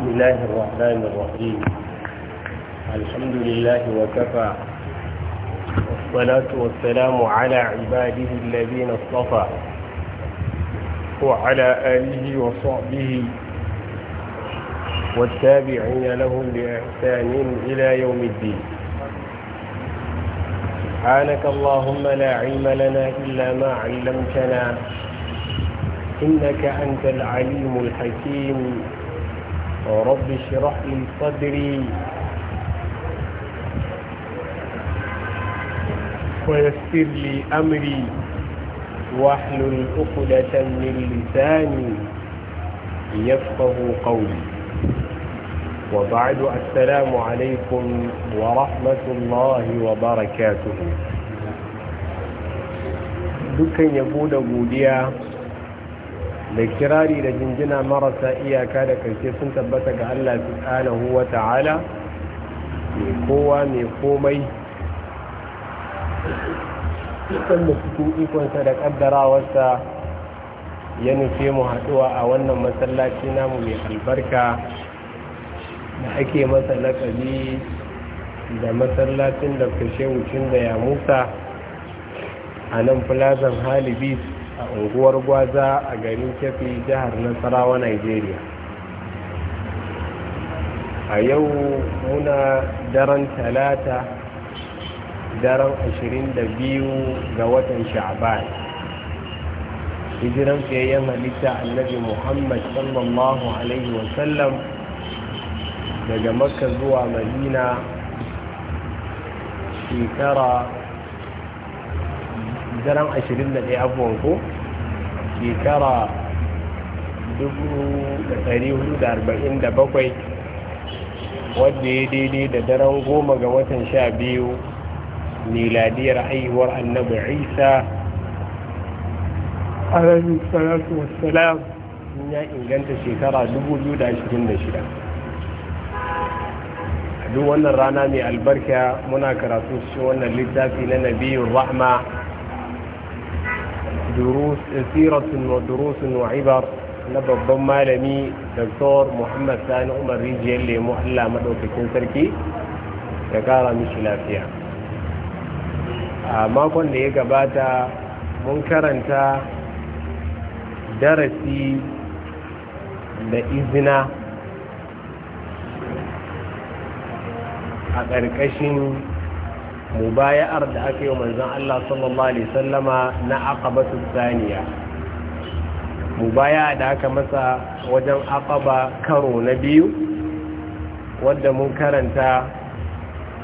بسم الله الرحمن الرحيم الحمد لله وكفى والصلاة والسلام على عباده الذين اصطفى وعلى آله وصحبه والتابعين لهم بإحسان إلى يوم الدين سبحانك اللهم لا علم لنا إلا ما علمتنا إنك أنت العليم الحكيم رب اشرح لي صدري ويسر لي أمري واحلل عقدة من لساني يفقه قولي وبعد السلام عليكم ورحمة الله وبركاته dukkan yabo da da kirari da jinjina marasa iyaka da karshe sun tabbata ga Allah subhanahu wa ta'ala mai kowa mai komai wanda cikin ikonsa da kaddarawarsa ya nufe mu haɗuwa a wannan masallaci namu mai albarka da ake masa da masallacin da kashe wucin da ya musa a nan plazan halibis a unguwar gwaza a garin kefi jihar nasarawa nigeria a yau muna daren talata daren 22 ga watan sha'ban hijiran fiyayyen halitta annabi muhammad sallallahu alaihi wasallam daga makka zuwa madina shekara daren ɗaya abuwan ko shekara 1447 wadda ya daidai da daren goma ga watan sha biyu miladiyar haihuwar annabi isa alaihi salatu wassalam ya inganta shekara 2026 duk wannan rana mai albarka muna karatu shi wannan littafi na nabiyun rahma durus na babban malami Dr. Muhammad Sani Umar Rijiyar Lemu Allah madaukakin sarki ya kara mishi lafiya. A makon da ya gabata mun karanta darasi da izina a ƙarƙashin mubaya'ar da aka yi wa manzon Allah sallallahu alaihi sallama na aqabatu thaniya mubaya'a da aka masa wajen aqaba karo na biyu wanda mun karanta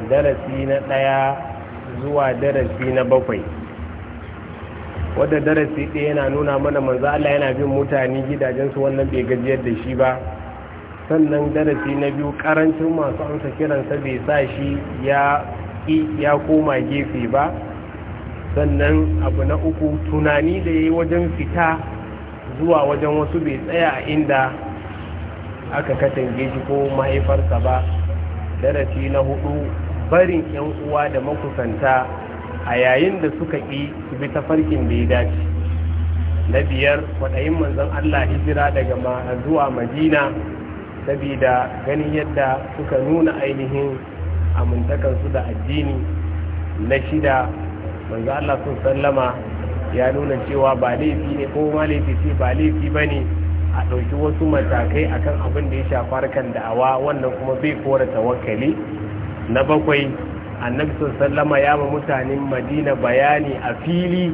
darasi na ɗaya zuwa darasi na bakwai wadda darasi ɗaya yana nuna mana manzo Allah yana bin mutane gidajensu wannan bai gajiyar da shi ba sannan darasi na biyu karancin masu amsa kiransa bai sa shi ya ƙi ya koma gefe ba sannan abu na uku tunani da ya yi wajen fita zuwa wajen wasu bai tsaya a inda aka katange shi ko mahaifarsa ba darasi na hudu barin 'yan uwa da makusanta a yayin da suka ƙi su bi tafarkin da ya dace na biyar kwaɗayin manzon Allah hijira daga zuwa madina saboda ganin yadda suka nuna ainihin amintakansu da addini na shida manzo Allah sun sallama ya nuna cewa ba laifi ne ko ma laifi ce ba laifi ba ne a ɗauki wasu matakai akan abin da ya shafi harkan da'awa wannan kuma bai kora tawakkali na bakwai annabi sallama ya ba mutanen madina bayani a fili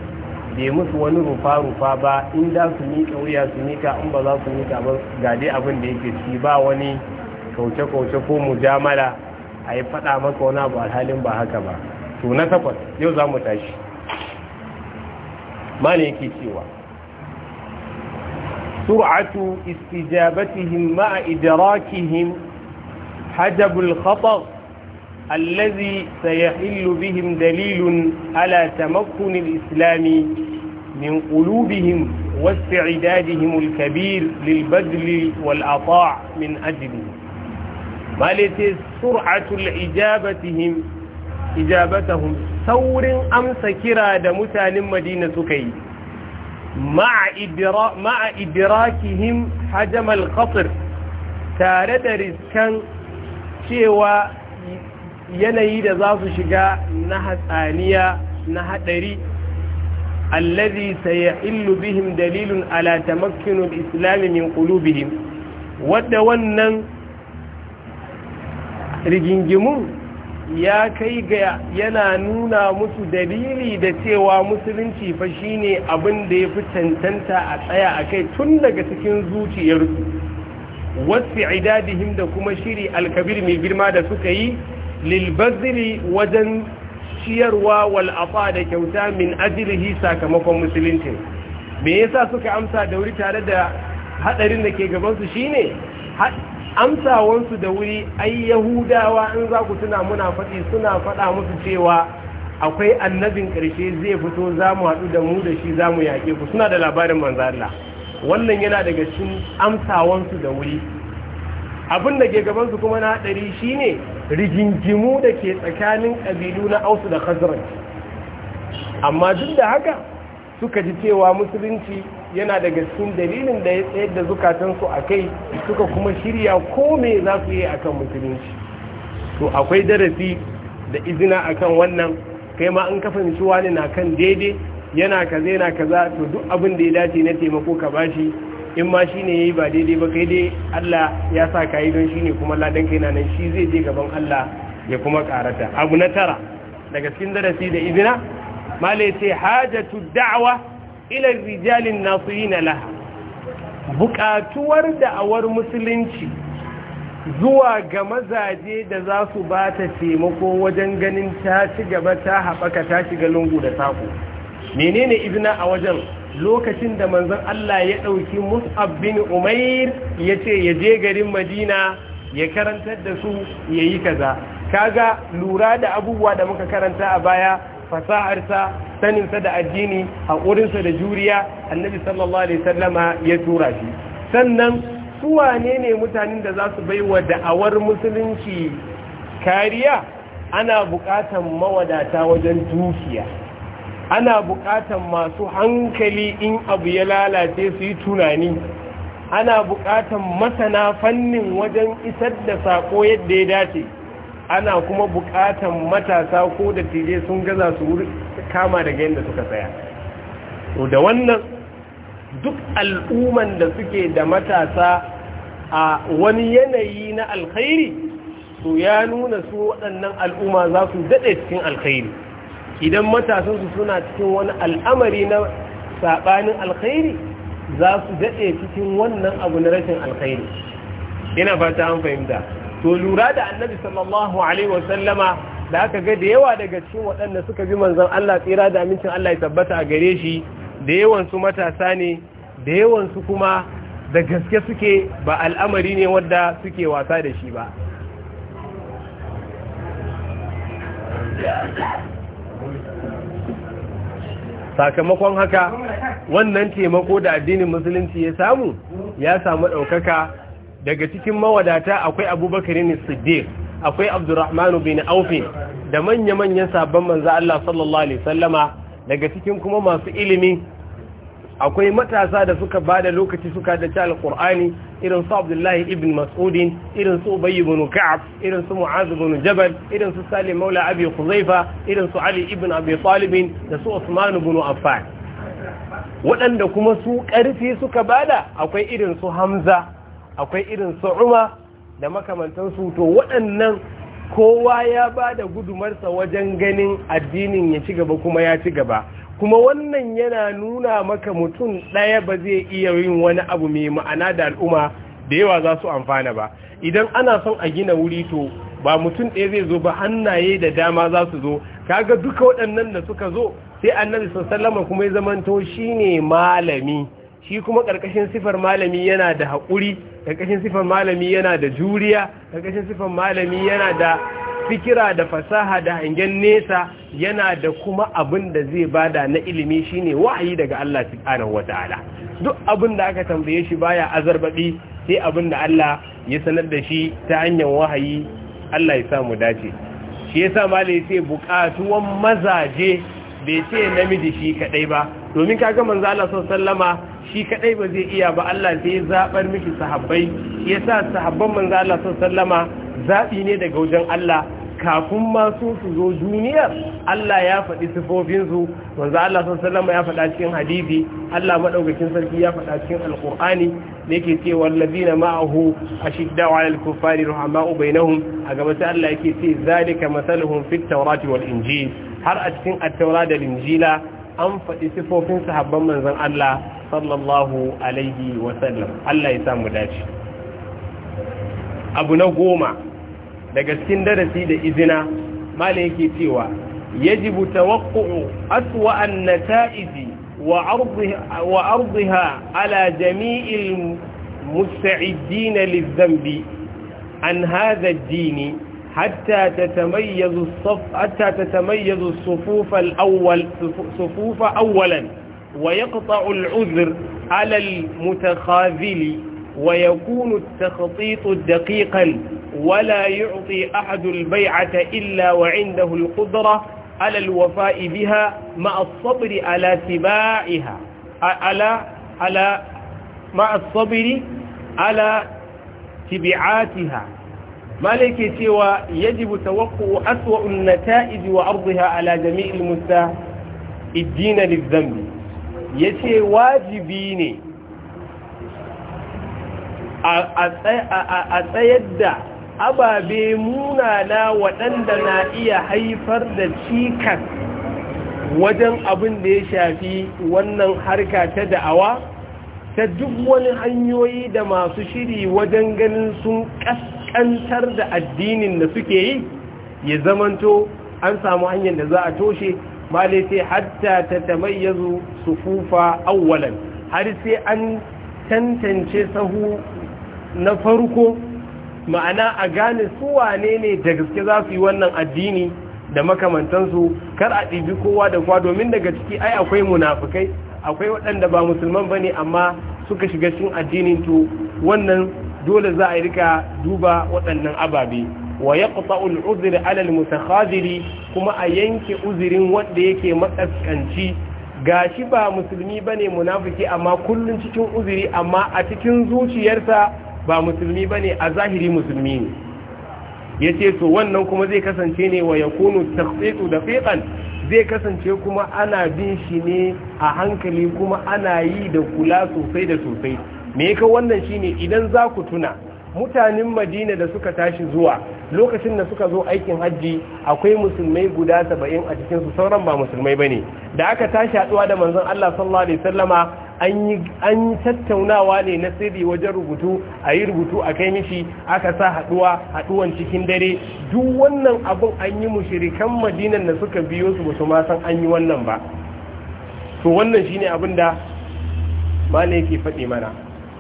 bai musu wani rufa-rufa ba in za su miƙa wuya su miƙa in ba za su miƙa ba ga dai abin da yake ci ba wani kauce-kauce ko mujamala a yi faɗa maka wani abu alhalin ba haka ba to na takwas yau za mu tashi mana yake cewa sur'atu istijabatihim ma'a idrakihim hajabul khatar الذي سيحل بهم دليل على تمكن الإسلام من قلوبهم واستعدادهم الكبير للبذل والعطاء من أجله malite sur'atul ijabatihim ijabatahum saurin amsa kira da mutanen madina suka yi ma'a idrakihim hajamal qasr tare da riskan cewa yanayi da za su shiga na hatsaniya na hadari allazi sayahillu bihim dalilun ala tamakkinul islam min qulubihim wadda wannan rigingimu ya kai ga yana nuna musu dalili da cewa musulunci fa shine abin da ya fi cancanta a tsaya a kai tun daga cikin zuciyarsu wasu idadihim da kuma shiri alkabir mai girma da suka yi lilbaziri wajen ciyarwa wal'afa da kyauta min ajilihi sakamakon musulunci me yasa suka amsa da wuri tare da hadarin da ke gabansu shine amsawansu da wuri ai yahudawa in za ku tuna muna faɗi suna faɗa musu cewa akwai annabin ƙarshe zai fito za mu haɗu da mu da shi za mu yaƙe ku suna da labarin manzo Allah wannan yana daga cikin amsawansu da wuri abin da ke gaban su kuma na haɗari shine rigingimu da ke tsakanin ƙabilu na ausu da khazraj amma duk da haka suka ji cewa musulunci yana daga cikin dalilin da ya tsayar da zukatansu a kai suka kuma shirya ko me za su yi akan musulunci to akwai darasi da izina akan wannan kai ma an kafin shi wani na kan daidai yana kaza yana kaza to duk abin da ya dace na taimako ka bashi in ma shi ne ya yi ba daidai ba kai dai Allah ya sa ka yi don shi ne kuma ladan kai nan shi zai je gaban Allah ya kuma karata abu na tara daga cikin darasi da izina malai ce hajatu da'awa ila rijalin na laha buƙatuwar da'awar musulunci zuwa ga mazaje da za su ba ta taimako wajen ganin ta ci gaba ta haɓaka ta shiga lungu da saƙo menene izina a wajen lokacin da manzon Allah ya ɗauki mus'ab bin umair ya ce ya je garin madina ya karantar da su ya yi kaza kaga lura da abubuwa da muka karanta a baya fasa'arsa saninsa da addini a wurinsa da juriya annabi sallallahu alaihi sallama ya tura shi sannan su wane ne mutanen da za su baiwa da'awar musulunci kariya ana buƙatan mawadata wajen dukiya ana buƙatan masu hankali in abu ya lalace su yi tunani ana buƙatan masana fannin wajen isar da saƙo yadda ya dace ana kuma bukatan matasa ko da tije sun gaza su kama daga yadda suka tsaya to da wannan duk al'umman da suke da matasa a wani yanayi na alkhairi to ya nuna su waɗannan al'umma za su daɗe cikin alkhairi idan matasansu suna cikin wani al'amari na saɓanin alkhairi za su daɗe cikin wannan abu na rashin alkhairi ina fata an fahimta to lura da annabi sallallahu alaihi wasallama da aka ga da yawa daga cikin waɗanda suka bi manzon Allah tsira da amincin Allah ya tabbata a gare shi da yawansu matasa ne da yawan kuma da gaske suke ba al'amari ne wadda suke wasa da shi ba sakamakon haka wannan taimako da addinin musulunci ya samu ya samu ɗaukaka daga cikin mawadata akwai abubakarin siddiq akwai abdurrahmanu bin aufi da manya-manyan sabon manza Allah sallallahu alaihi sallama daga cikin kuma masu ilimi akwai matasa da suka ba da lokaci suka da cal qur'ani irin su abdullahi ibn mas'udin irin su ubay ibn ka'ab irin su mu'az ibn jabal irin su salim maula abi khuzaifa irin su ali ibn abi talib da su usman ibn affan waɗanda kuma su ƙarfi suka bada akwai irin su hamza akwai irin sauma da makamantansu to waɗannan kowa ya ba da gudumarsa wajen ganin addinin ya ci gaba kuma ya ci gaba kuma wannan yana nuna maka mutum ɗaya ba zai iya yin wani abu mai ma'ana da al'umma da yawa za su amfana ba idan ana son a gina wuri to ba mutum ɗaya zai zo ba hannaye da dama za su zo kaga duka waɗannan da suka zo sai annabi sallama kuma ya zamanto shine malami shi kuma ƙarƙashin sifar malami yana da haƙuri ƙarƙashin sifar malami yana da juriya ƙarƙashin sifar malami yana da fikira da fasaha da hangen nesa yana da kuma abin da zai bada na ilimi shine wahayi daga Allah subhanahu wataala duk abin da aka tambaye shi baya azarbaɗi sai abin da Allah ya sanar da shi ta hanyar wahayi Allah ya samu dace shi yasa malai sai buƙatuwan mazaje bai ce namiji shi kaɗai ba domin kaga manzo Allah sallallahu alaihi wasallama shi kadai ba zai iya ba Allah sai ya zabar mishi sahabbai yasa sahabban manzo Allah sallama zabi ne daga wajen Allah kafin ma su su zo duniyar Allah ya faɗi sifofinsu wanzu Allah Sallama ya faɗa cikin hadisi Allah maɗaukakin sarki ya faɗa cikin alƙur'ani da yake ce wallazi na ma'ahu a shidda wa rahama'u bainahum a gaba sai Allah yake ce zalika masaluhum fit tawrati wal injil har a cikin at da injila an faɗi sifofin sahabban manzon Allah sallallahu alaihi wasallam Allah ya samu dace abu na goma daga cikin darasi da izina mala yake cewa yajibu tawaqqu'u aswa an-nata'iji wa 'ardaha wa 'ardaha ala jami'il musta'idin lidh an hadha dini حتى تتميز الصف حتى تتميز الصفوف الأول صفوف أولا ويقطع العذر على المتخاذل ويكون التخطيط دقيقا ولا يعطي أحد البيعة إلا وعنده القدرة على الوفاء بها مع الصبر على تباعها على على مع الصبر على تبعاتها malai ke cewa yajibu tawaqqu ta nata'ij wa ardiha ala jami'il musta'idina ya yace wajibi ne a tsayar da ababe munana waɗanda na iya haifar da cikas wajen abin da ya shafi wannan harka ta da'awa ta duk wani hanyoyi da masu shiri wajen ganin sun ƙasa ƙasƙantar da addinin da suke yi ya zamanto an samu hanyar da za a toshe male sai hatta ta tamayyazu sufufa awwalan har sai an tantance sahu na farko ma'ana a gane su wane ne da gaske za su yi wannan addini da makamantansu kar a ɗibi kowa da kwa domin daga ciki ai akwai munafukai akwai waɗanda ba musulman ba ne amma suka shiga cikin addinin to wannan dole za a rika duba waɗannan ababe wa ya kusa uzr alal mutakhadiri kuma a yanke uzurin wanda yake Ga shi ba musulmi bane munafiki amma kullun cikin uzuri amma a cikin zuciyarsa ba musulmi bane a zahiri musulmi ne yace to wannan kuma zai kasance ne wa yakunu takhsitu fiƙan. zai kasance kuma ana bin shi ne a hankali kuma ana yi da kula sosai da sosai me yake wannan shine idan za ku tuna mutanen madina da suka tashi zuwa lokacin da suka zo aikin hajji akwai musulmai guda saba'in a cikinsu sauran ba musulmai ba ne da aka tashi haɗuwa da manzon Allah sallallahu alaihi sallama an yi tattaunawa ne na sirri wajen rubutu a yi rubutu a kai mishi aka sa haɗuwa haɗuwan cikin dare duk wannan abin an yi mushirikan madinan da suka biyo su ba su ma san an yi wannan ba to wannan shine abin da ma yake faɗi mana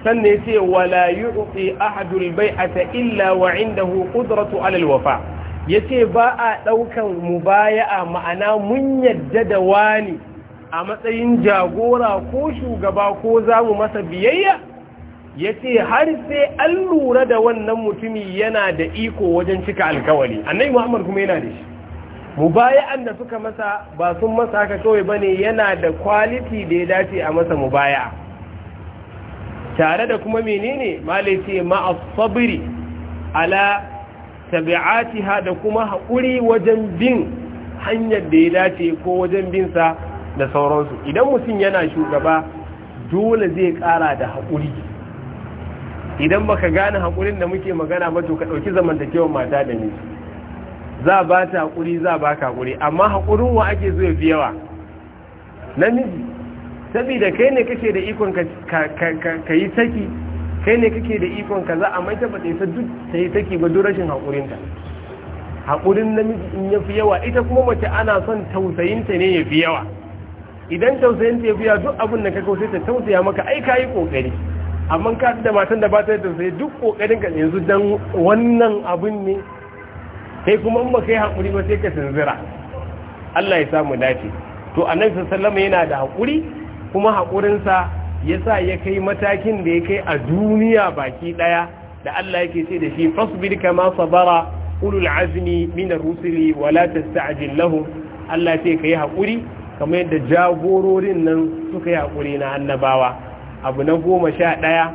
sannan ya ce wala yu'ti ahadul ta illa wa indahu qudratu alal wafa yace ba a daukan mubaya'a ma'ana mun yadda da wani a matsayin jagora ko shugaba ko zamu masa biyayya yace har sai an lura da wannan mutumi yana da iko wajen cika alkawari annabi Muhammad kuma yana da shi mubaya'an da suka masa ba sun masa haka kawai bane yana da quality da ya dace a masa mubaya'a tare da kuma menene malai ce ma'asabiri ala tabi'atiha da kuma haƙuri wajen bin hanyar da ya dace ko wajen bin sa da sauransu idan mutum yana shugaba dole zai ƙara da haƙuri idan baka gane haƙurin da muke magana ba to ka ɗauki zamantakewar mata da ni. za ba ta haƙuri za ba ka haƙuri amma haƙurin wa ake zo ya fi yawa namiji saboda kai ne kake da ikon ka yi saki kai ne kake da ikon ka za a mai tabbata ya duk ta yi saki ba duk rashin haƙurinta haƙurin namiji in ya fi yawa ita kuma mace ana son tausayinta ne ya fi yawa idan tausayinta ya fi yawa duk abin da ka sai ta tausaya maka ai ka yi ƙoƙari amma ka da matan da ba ta tausayi duk ƙoƙarin ka yanzu dan wannan abin ne sai kuma in ba kai haƙuri ba sai ka sinzira Allah ya samu dace to annabi sallallahu alaihi wasallam yana da haƙuri kuma haƙurinsa ya sa ya kai matakin da ya kai a duniya baki ɗaya da Allah yake ce da shi fasbir kama sabara ulul azmi min rusuli wala tasta'jil lahum Allah ce kai haƙuri kamar yadda jagororin nan suka yi haƙuri na annabawa abu na goma sha ɗaya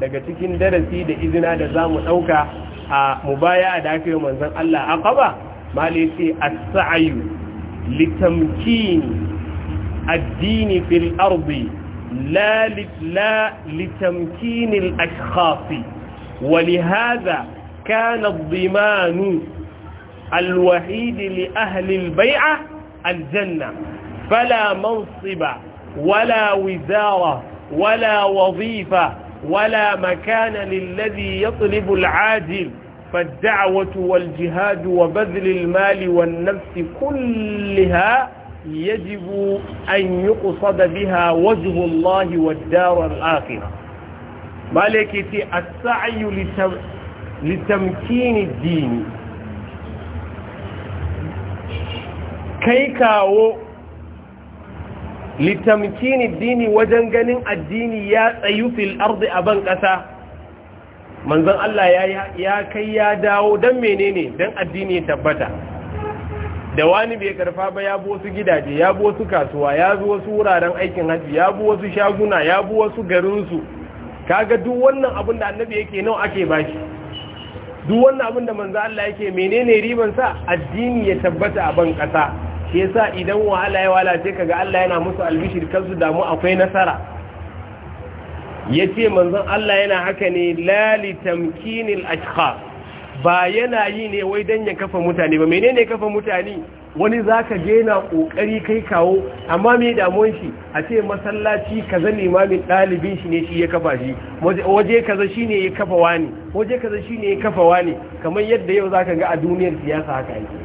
daga cikin darasi da izina da za mu ɗauka a mubaya a aka manzon Allah a ƙaba ma ce as-sa'yu litamkini الدين في الأرض لا, لا لتمكين الأشخاص ولهذا كان الضمان الوحيد لأهل البيعة الجنة فلا منصب ولا وزارة ولا وظيفة ولا مكان للذي يطلب العاجل فالدعوة والجهاد وبذل المال والنفس كلها يجب أن يقصد بها وجه الله والدار الآخرة مالكتي السعي لتم... لتمكين الدين كيكاو لتمكين الدين وجنجن الدين يا أيو في الأرض أبن كسا منذن الله يا, يا كي يا داو دم منيني دم الدين يتبتا da wani bai karfa ba ya bi wasu gidaje ya bi wasu kasuwa ya bi wasu wuraren aikin hajji ya bi wasu shaguna ya bi wasu garinsu kaga duk wannan abin da annabi yake nawa ake bashi duk wannan abin da manzo Allah yake menene riban sa addini ya tabbata a ban kasa shi yasa idan wahala ya wala sai kaga Allah yana musu albishir kansu damu akwai nasara yace manzon Allah yana haka ne lalitamkinil litamkinil ba yana yi ne wai dan ya kafa mutane ba menene kafa mutane wani za ka yana kokari kai kawo amma mai damuwan shi a ce masallaci kaza limamin dalibin shi ne shi ya kafa shi waje kaza ne ya kafa wani waje kaza ne ya kafa wani kamar yadda yau za ka ga a duniyar siyasa haka yake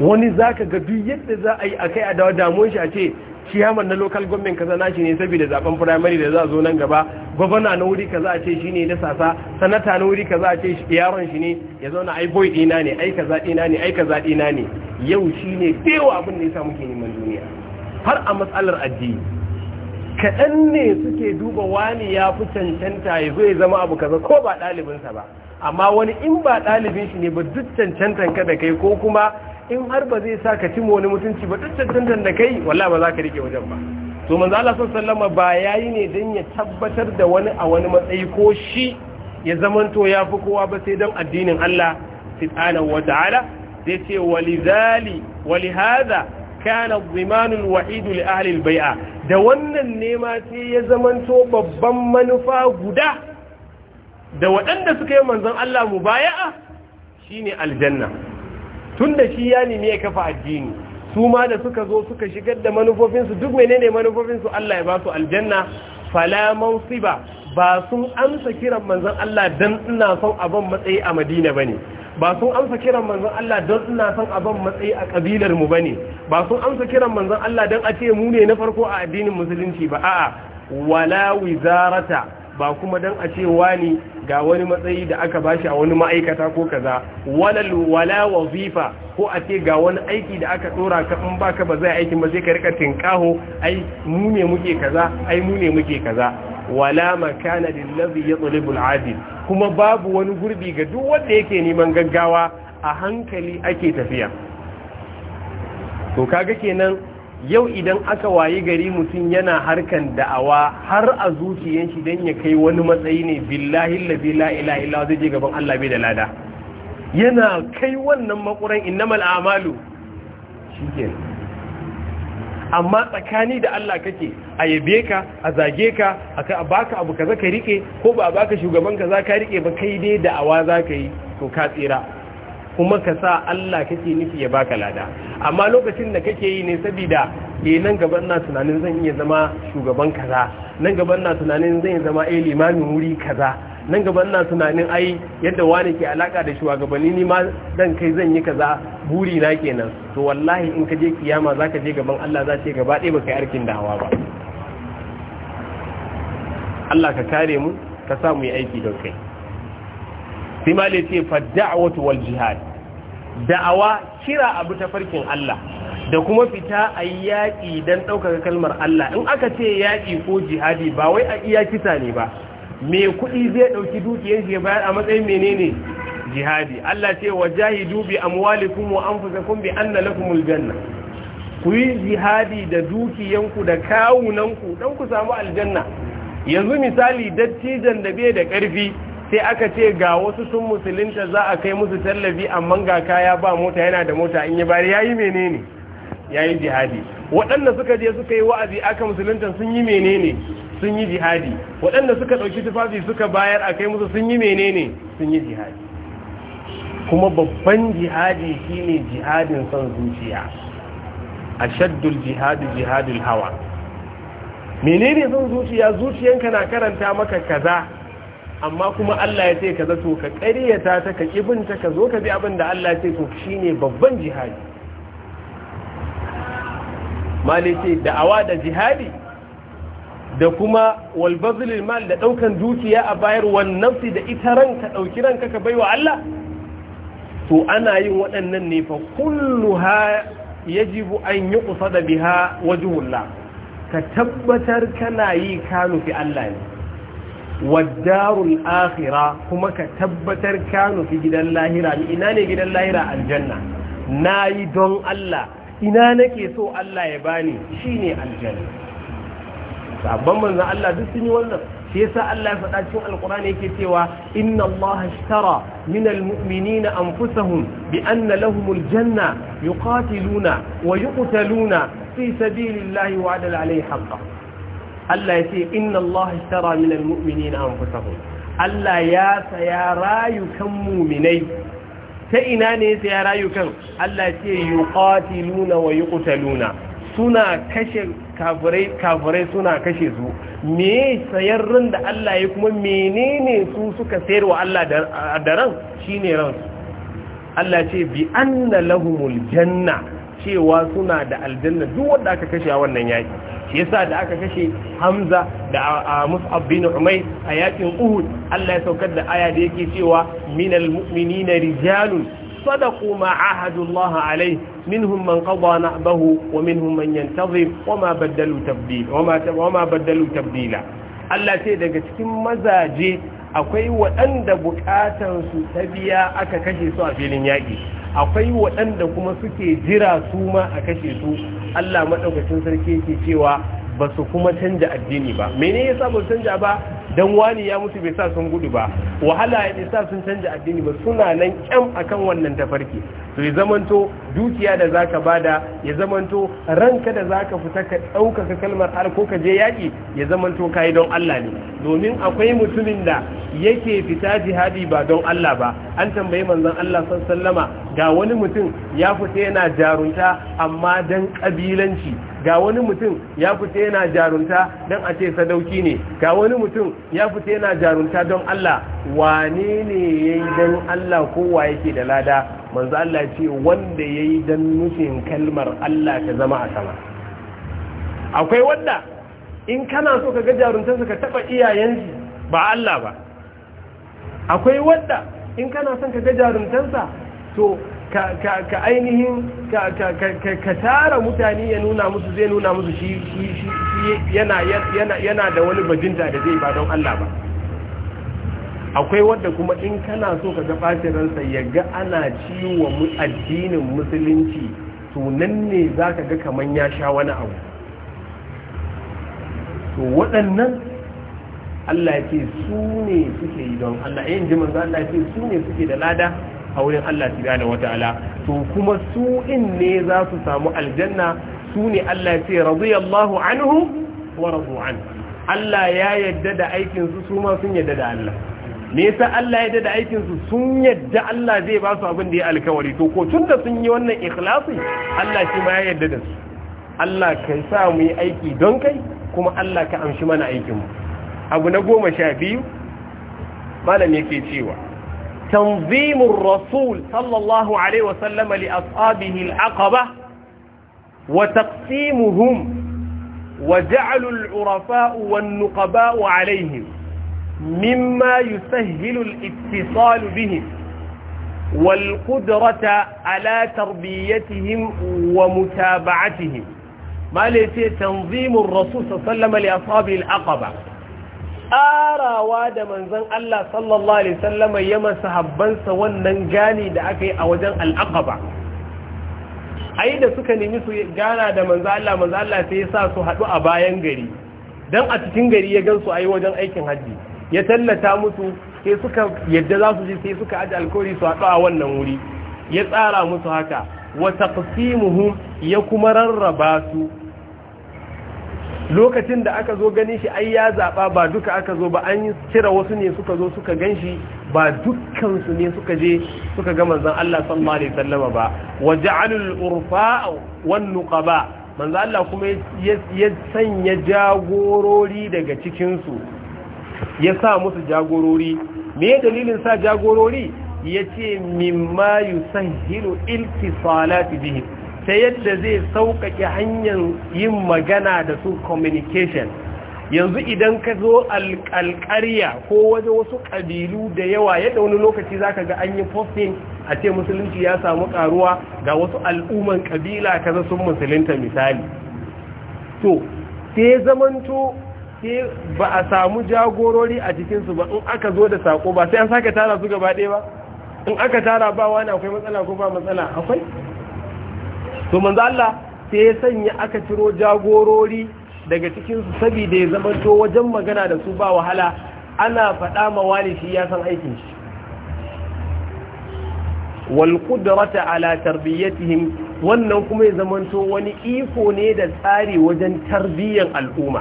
wani ka ga duk yadda za a yi a kai a dawo damuwan shi a ce ciyaman na lokal government kaza shi ne saboda zaben primary da za zo nan gaba gwamna na wuri kaza a ce ne na sasa sanata na wuri kaza a ce yaron shi ne ya zauna ai boy dina ne ai kaza ɗina ne ai kaza ɗina ne yau shi shine fewa abin da ya yasa muke neman duniya har a matsalar addini kaɗan ne suke duba wani ya fi cancanta ya zo ya zama abu kaza ko ba ɗalibinsa ba amma wani in ba ɗalibin shi ne ba duk cancantan ka da kai ko kuma in har ba zai sa ka cimma wani mutunci ba duk da da kai walla ba za ka rike wajen ba to manzo Allah sallallahu ba yayi ne dan ya tabbatar da wani a wani matsayi ko shi ya zamanto ya fi kowa ba sai dan addinin Allah subhanahu wataala sai ce walizali walihada kana dhimanul wa'id li ahli al-bai'a da wannan ne ma sai ya zamanto babban manufa guda da waɗanda suka yi manzon Allah mubaya'a shine aljanna tun da shi ya nemi ya kafa addini su ma da suka zo suka shigar da manufofinsu duk menene manufofinsu Allah ya ba su aljanna fala mausiba ba sun amsa kiran manzon Allah don ina son abin matsayi a Madina bane ba sun amsa kiran manzon Allah don ina son abin matsayi a kabilar mu bane ba sun amsa kiran manzon Allah dan a ce mu ne na farko a addinin musulunci ba a'a wala wizarata ba kuma dan a ce wani ga wani matsayi da aka bashi a wani ma'aikata ko kaza walal wala wazifa ko a ce ga wani aiki da aka dora ka in baka ba zai aiki ba sai ka rika tinkaho ai mu ne muke kaza ai mu ne muke kaza wala makana ya yatlubu al-adil kuma babu wani gurbi ga duk wanda yake neman gaggawa a hankali ake tafiya to kaga kenan yau idan aka wayi gari mutum yana harkan da'awa har a zuciyan shi don ya kai wani matsayi ne billahi lafi la'ila ila zai je gaban Allah bai da lada yana kai wannan makuran innamal amalu shikenan amma tsakani da Allah kake a yabe ka a zage ka a baka abu kaza ka rike ko ba a baka shugaban za ka rike ba kai dai da'awa za ka yi to ka tsira kuma ka sa Allah kake nufi ya baka lada amma lokacin da kake yi ne saboda eh nan gaban na tunanin zan iya zama shugaban kaza nan gaban na tunanin zan iya zama ai eh, limamin wuri kaza nan gaban na tunanin ai yadda wani ke alaka da shugabanni ni ma dan kai zan yi kaza buri na kenan to wallahi in ka je kiyama zaka je gaban Allah za ce gaba ɗaya baka yi arkin dawa ba Allah ka kare mu ka sa mu yi aiki don kai sai ma ce fa da'watu wal jihad da'awa kira abu ta farkin Allah da kuma fita a yi yaƙi don ɗaukaka kalmar Allah in aka ce yaƙi ko jihadi ba wai a iya kisa ne ba mai kuɗi zai ɗauki dukiyar shi bayar a matsayin menene jihadi Allah ce wa jahidu bi amwalikum wa anfusakum bi anna lakumul janna ku yi jihadi da dukiyanku da kawunanku don ku samu aljanna yanzu misali dattijan da bai da ƙarfi sai aka ce ga wasu sun musulunta za a kai musu tallafi amma ga kaya ba mota yana da mota in yi bari ya yi menene yi jihadi waɗanda suka je suka yi wa'azi aka musulunta sun yi menene sun yi jihadi waɗanda suka ɗauki tufafi suka bayar a kai musu sun yi menene sun yi jihadi kuma babban jihadi shine jihadin son zuciya a shaddul jihadi jihadul hawa menene son zuciya zuciyanka na karanta maka kaza amma kuma Allah ya ce ka zato ka ƙaryata ta ka kibinta ka zo ka bi abin da Allah ya ce to shine babban jihadi mali ce awa da jihadi da kuma walbazilil mal da daukan dukiya a bayar wan nafsi da ita ranka dauki ranka ka baiwa Allah to ana yin waɗannan ne fa kulluha yajibu an yuqsada biha wajhullah ka tabbatar kana yi ka nufi Allah ne والدار الآخرة هما كتبتر كانوا في جدا اللاهرة إناني جدا اللاهرة الجنة ناي الله إنانك يسوء الله يباني شيني الجنة فأبما أن الله دسني والنف شيسا الله فتاة القرآن يكتوى إن الله اشترى من المؤمنين أنفسهم بأن لهم الجنة يقاتلون ويقتلون في سبيل الله وعدل عليه حقا Allah ya ce inna Allah ishtara min almu'minina anfusahum Allah ya saya rayukan mu'minai ta ina ne saya rayukan Allah ya ce yuqatiluna wa yuqtaluna suna kashe kafirai kafirai suna kashe su me ran da Allah ya kuma menene su suka sayar wa Allah da ran shine ran. Allah ce bi anna lahumul janna cewa suna da aljanna duk wanda aka kashe a wannan yaki shi yasa da aka kashe hamza da mus'ab bin umayr a yakin uhud Allah ya saukar da aya da yake cewa minal mu'minina rijalun صدقوا ما عاهدوا الله عليه منهم من قضى نحبه ومنهم من ينتظم وما بدلوا تبديل وما Allah sai daga cikin mazaje akwai waɗanda bukatansu ta biya aka kashe su a filin yaƙi akwai waɗanda kuma suke jira su ma a kashe su Allah maɗaukacin sarki yake cewa ba su kuma canja addini ba mene yasa ba canja ba dan wani ya mutu bai sa sun gudu ba wahala ya sa sun canja addini ba suna nan kyam akan wannan tafarki to ya zamanto dukiya da zaka bada ya zamanto ranka da zaka fita ka ɗaukaka kalmar har ko ka je yaƙi ya zamanto kai don Allah ne domin akwai mutumin da yake fita jihadi ba don Allah ba an tambayi manzon Allah sallallahu alaihi wasallama ga wani mutum ya fita yana jarunta amma dan kabilanci ga wani mutum ya fita yana jarunta don a ce sadauki ne ga wani mutum ya fita yana jarunta don Allah wane ne ya yi don Allah kowa yake da lada manzo Allah ce wanda ya yi don nufin kalmar Allah ta zama a sama akwai wanda in kana so ka ga jaruntarsa ka taɓa iyayensu ba Allah ba akwai wanda in kana son ka ga jarumtansa to ka ainihin ka tara mutane ya nuna musu zai nuna musu shi yana da wani bajinta da zai ba don Allah ba akwai wadda kuma in kana so ka ga ransa ya ga ana ciwo mu addinin musulunci tunan ne za ka ga kamar ya sha wani abu to waɗannan Allah ya ce su ne suke don Allah eh, su ne suke da lada a wurin Allah subhanahu wataala to kuma su in ne za su samu aljanna su ne Allah ya ce radiyallahu anhu wa radu an Allah ya yadda da aikin su ma sun yadda da Allah me yasa Allah ya da aikin sun yadda Allah zai ba su abin da ya alkawari to ko tunda sun yi wannan ikhlasi Allah shi ma ya yadda da su Allah kai sa mu yi aiki don kai kuma Allah ka amshi mana aikin mu abu na goma sha biyu malam yake cewa تنظيم الرسول صلى الله عليه وسلم لأصحابه العقبة وتقسيمهم وجعل العرفاء والنقباء عليهم مما يسهل الاتصال بهم والقدرة على تربيتهم ومتابعتهم ما ليس تنظيم الرسول صلى الله عليه وسلم لأصحابه العقبة ƙarawa da manzan Allah sallallahu Alaihi sallama ya masu habbansa wannan gani da aka yi a wajen al'aqaba ai da suka nemi su gana da manzan Allah manzan Allah sai ya sa su haɗu a bayan gari don a cikin gari ya gan su a yi wajen aikin hajji ya tallata musu sai suka yadda za su ji sai suka aji alkawari su haɗu a wannan wuri ya tsara musu haka wata ya kuma rarraba su lokacin da aka zo gani shi ai ya zaɓa ba duka aka zo ba an cire wasu ne suka zo suka gan shi ba dukkansu ne suka je suka ga manzon Allah sallallahu alaihi sallama ba wa urfa wan nuqaba manzon Allah kuma ya sanya jagorori daga cikin su ya sa musu jagorori me dalilin sa jagorori yace mimma yusahhilu iltisalati bihim ta yadda zai sauƙaƙe hanyar yin magana da su communication yanzu idan ka zo alƙarya ko waje wasu ƙabilu da yawa yadda wani lokaci za ka ga an yi posting a ce musulunci ya samu ƙaruwa ga wasu al'umman ƙabila ka za sun musulunta misali to sai zamanto sai ba a samu jagorori a jikinsu ba in aka zo da sako ba sai an sake tara su gaba ɗaya ba in aka tara ba wani akwai matsala ko ba matsala akwai to manzo Allah sai ya sanya aka ciro jagorori daga cikin su saboda ya zama to wajen magana da su ba wahala ana faɗa ma wali shi ya san aikin shi wal qudrata ala tarbiyatihim wannan kuma ya zama to wani iko ne da tsari wajen tarbiyyan al'umma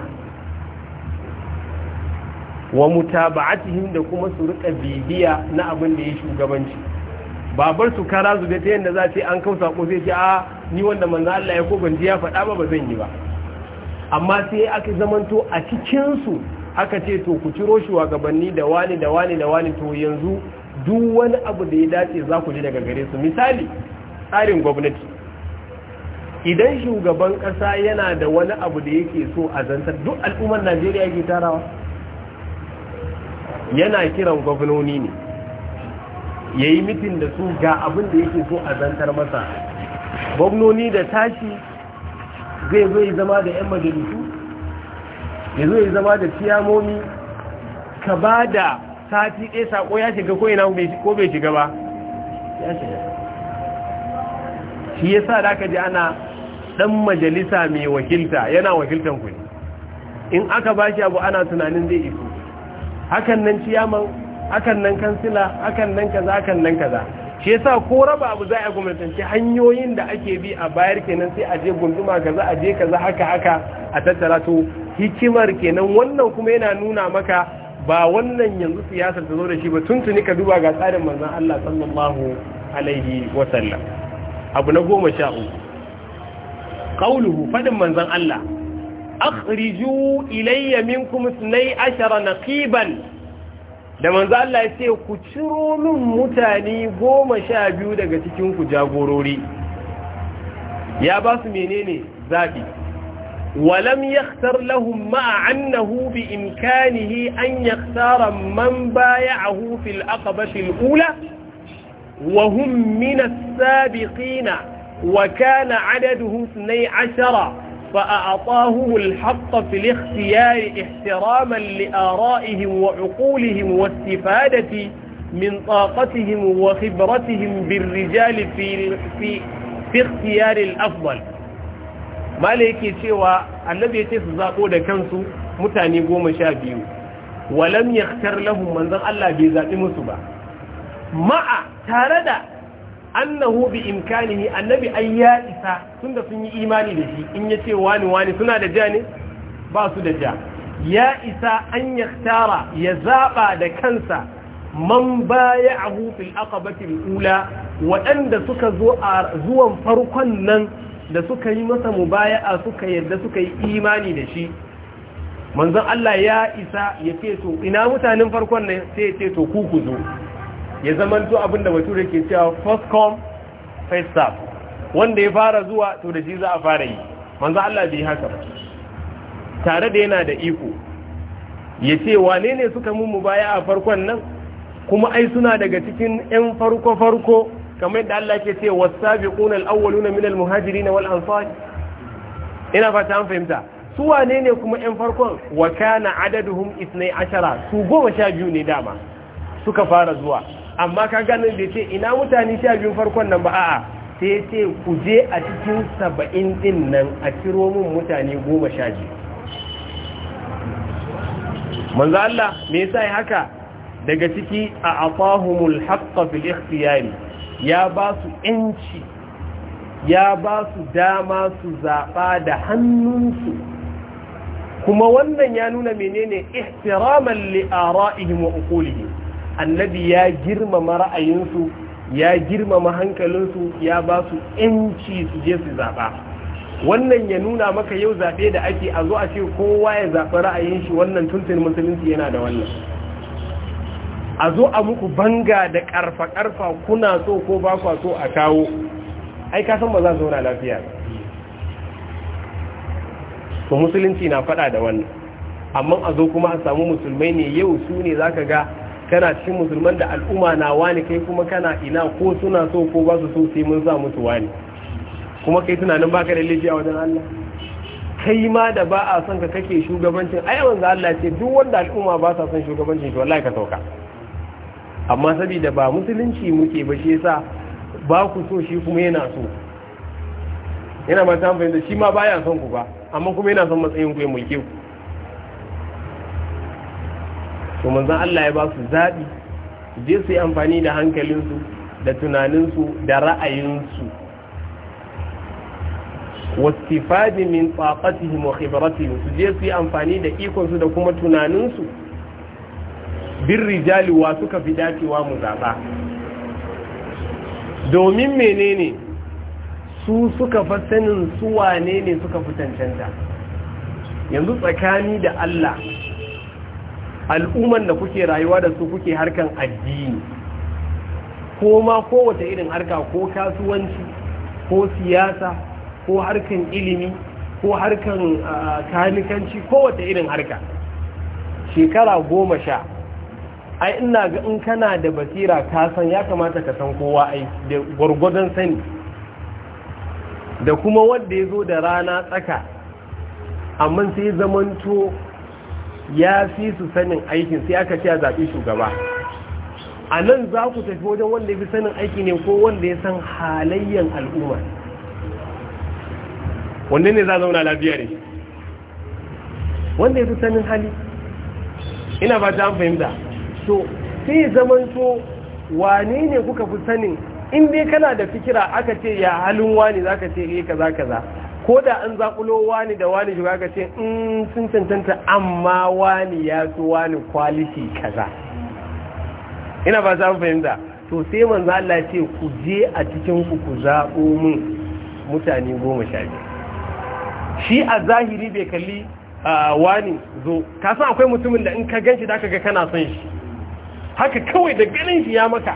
wa mutaba'atihim da kuma su rika bibiya na abin da ya shugabanci babar su kara zube ta yadda za ce an kawo sako zai ce a ni wanda manza Allah ya ko ji ya faɗa ba ba zan yi ba amma sai aka zamanto a cikin su aka ce to ku ciro shi gabanni da wani da wani da wani to yanzu duk wani abu da ya dace za ku ji daga gare su misali tsarin gwamnati idan shugaban kasa yana da wani abu da yake so a zantar duk al'ummar Najeriya ke tarawa yana kiran gwamnoni ne ya yi mitin da su ga abin da yake so a zantar masa gwamnoni da tashi zai zo yi zama da 'yan majalisu ya zo yi zama da ciyamomi ka ba da sati ɗaya saƙo ya shiga ko ina ko bai shiga ba ya shiga shi ya sa da aka ji ana ɗan majalisa mai wakilta yana wakiltan ku ne in aka ba shi abu ana tunanin zai iso hakan nan ciyaman akan nan kansila akan nan kaza akan nan kaza shi yasa ko raba abu za a gwamnatance hanyoyin da ake bi a bayar kenan sai a je gunduma kaza a je kaza haka haka a tattara to hikimar kenan wannan kuma yana nuna maka ba wannan yanzu siyasar ta zo da shi ba tuntuni ka duba ga tsarin manzon Allah sallallahu alaihi wa sallam abu na goma sha uku qauluhu manzon Allah akhriju ilayya minkum 12 naqiban da manzo Allah ya ce ku ciro min mutane goma sha biyu daga cikin ku jagorori ya ba su menene zabi walam yakhtar lahum ma'a annahu bi imkanihi an yakhtara man bay'ahu fil aqabati al-ula wa hum min as-sabiqina wa kana adaduhum 12 فأعطاهم الحق في الاختيار احتراما لآرائهم وعقولهم واستفادة من طاقتهم وخبرتهم بالرجال في, في, في اختيار الأفضل مالك شوى الذي تفزاقوا دكانسو متاني قوم ولم يختر لهم من ذا الله بيزاتي مصبا مع تاردا annahu bi imkanihi annabi ai ya isa tunda sun yi imani da shi in yace wani wani suna da ja ne ba su da ja ya isa an yaktara ya zaba da kansa man baya'ahu fil aqabati al-ula waɗanda suka zo a zuwan farkon nan da suka yi masa a suka yarda suka yi imani da shi manzon Allah ya isa ya ce to ina mutanen farkon nan sai ya ce to ku ku zo ya zamanto abinda bature ke cewa first come first serve wanda ya fara zuwa to da shi za a fara yi manzo Allah bai haka ba tare da yana da iko ya ce wane ne suka mun mubaya a farkon nan kuma ai suna daga cikin yan farko farko kamar da Allah ke ce wasabiqun alawwaluna min almuhajirin wal ansar ina fata an fahimta su wane ne kuma yan farkon wa kana adaduhum 12 su goma sha biyu ne dama suka fara zuwa amma ka ganin da ce ina mutane sha biyun farkon nan ba a'a sai ce ku je a cikin saba'in din nan a ciro min mutane goma sha biyu manzo Allah me yasa ya haka daga ciki a afahumul haqqa fil ikhtiyari ya ba su yanci ya ba su dama su zaba da hannunsu kuma wannan ya nuna menene ihtiraman li ara'ihim wa uqulihim annabi ya girmama ra'ayinsu ya girmama hankalinsu ya ba su ‘yanci su je su zaɓa wannan ya nuna maka yau zaɓe da ake a zo a ce kowa ya zaɓi ra'ayin shi wannan tuntun musulunci yana da wannan a zo a muku banga da ƙarfa-ƙarfa kuna so ko ba kwa so a kawo ai ka san ba za zauna lafiya su musulunci na faɗa da wannan amma a zo kuma a samu musulmai ne yau su ne za ka ga kana cikin musulman da al'umma na wani kai kuma kana ina ko suna so ko ba su so sai mun sa musu wani kuma kai tunanin baka da laifi a wajen Allah kai ma da ba a son ka kake shugabancin ai wanda Allah ce duk wanda al'umma ba sa son shugabancin shi wallahi ka sauka amma saboda ba musulunci muke ba shi yasa ba ku so shi kuma yana so yana ba ta fahimta shi ma baya son ku ba amma kuma yana son matsayin ku ya mulke ku to manzon Allah ya ba su zaɓi su je su yi amfani da hankalinsu da tunaninsu da ra'ayinsu wastifadi min taqatihim wa khibratihim su je su yi amfani da ikonsu da kuma tunaninsu bin rijali wa suka fi dacewa mu zaɓa domin menene su suka fa sanin su wane ne suka fi cancanta yanzu tsakani da Allah al'umman da kuke rayuwa da su kuke harkan addini ko ma kowace irin harka ko kasuwanci ko siyasa ko harkan ilimi ko harkan kanikanci kowace irin harka shekara goma sha ai ina ga in kana da basira ka san ya kamata ka san kowa ai da gwargwadon sani da kuma wanda ya zo da rana tsaka amma sai zamanto ya fi su sanin aikin sai aka ce a zaɓi shugaba a nan za ku tafi wajen wanda ya fi sanin aiki ne ko wanda ya san halayyan al'umma wanda ne za a zauna lafiya ne wanda ya fi sanin hali ina ba ta fahimta to sai so wane ne kuka fi sanin in dai kana da fikira aka ce ya halin wani za ka ce ya eh kaza kaza ko da an zaƙulo wani da wani shiga ga ce in mm, sun cancanta amma wani ya su wani kwaliti kaza ina ba za fahimta to sai manzo Allah ce ku je a cikin ku ku zaɓo mun mutane goma sha biyu shi a zahiri bai kalli wani zo ka san akwai mutumin da in ka ganshi da ka ga kana son shi haka kawai da ganin shi ya maka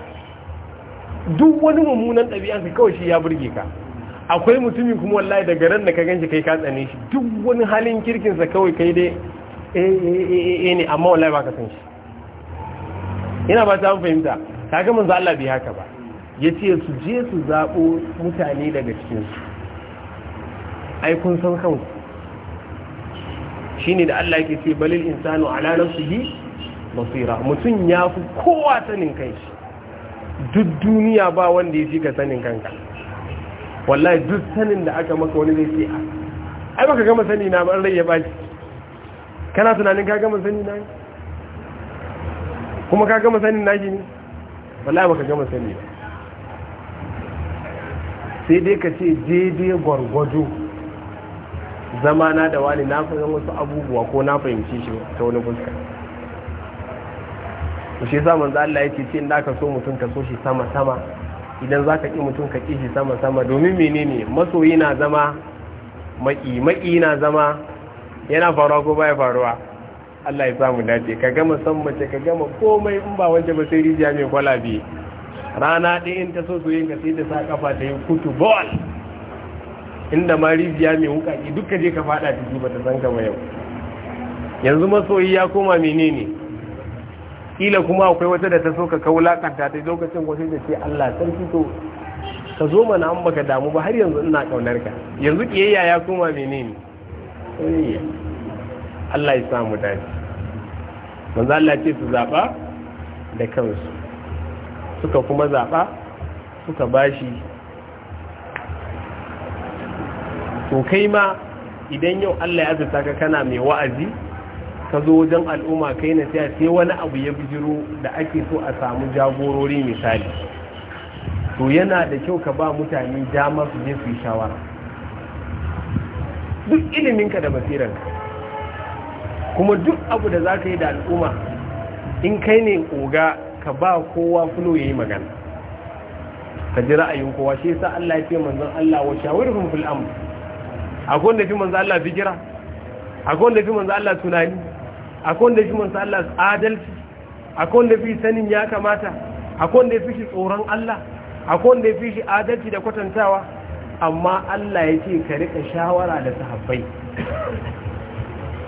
duk wani mummunan ɗabi'ansa kawai shi ya burge ka akwai mutumin kuma wallahi daga ran da ka ganshi kai ka tsane shi duk wani halin kirkinsa kawai kai dai eh, eh, eh, eh ne amma wallahi baka san shi ina ba ta fahimta kaga manzo Allah bai haka ba yace su je su zaɓo mutane daga cikinsu su ai kun san kanku shine da Allah yake ce balil insanu ala nafsihi basira mutum ya fi kowa sanin kanshi duk duniya ba wanda ya ji ka sanin kanka wallahi duk sanin da aka maka wani zai ce ai baka gama sani na ban rai ya baki kana tunanin ka gama sani na kuma ka gama sani na ne wallahi baka gama sani ba sai dai ka ce daidai gwargwado zama na da wani na fahimci wasu abubuwa ko na fahimci shi ta wani fuska shi yasa manzo Allah yake ce in da ka so mutum ka so shi sama sama idan za ka ƙi mutum ka ƙi shi sama sama domin menene masoyi na zama maƙi maƙi na zama yana faruwa ko baya faruwa Allah ya samu dace ka gama san mace ka gama komai in ba wance ba sai rijiya mai kwalabe rana ɗaya in ta so soyin ka sai ta sa kafa ta yi kutu ball inda ma rijiya mai wuka ki duka je ka fada ciki ba ta san ka yau yanzu masoyi ya koma menene kila kuma akwai wata da ta so ka wulakanta ta lokacin wasu da ce Allah sarki to ka zo mana an baka damu ba har yanzu ina kaunar ka yanzu kiyayya ya koma menene Allah ya samu dace manzo Allah ce su zaba da kansu suka kuma zaba suka bashi to kai ma idan yau Allah ya azurta ka kana mai wa'azi ka zo wajen al'umma kai na siya sai wani abu ya bijiro da ake so a samu jagorori misali to yana da kyau ka ba mutane damar su je su yi shawara duk iliminka da basiranka kuma duk abu da za ka yi da al'umma in kai ne oga ka ba kowa fulo ya yi magana ka ji ra'ayin kowa shi sa Allah ya ce manzan Allah wa shawirhum fil akwai wanda fi manzan Allah fikira akwai wanda fi manzan Allah tunani akwai wanda fi manzo Allah adalci akwai wanda fi sanin ya kamata akwai wanda fi shi tsoron Allah akwai wanda fi shi adalci da kwatantawa amma Allah ya ce ka rika shawara da sahabbai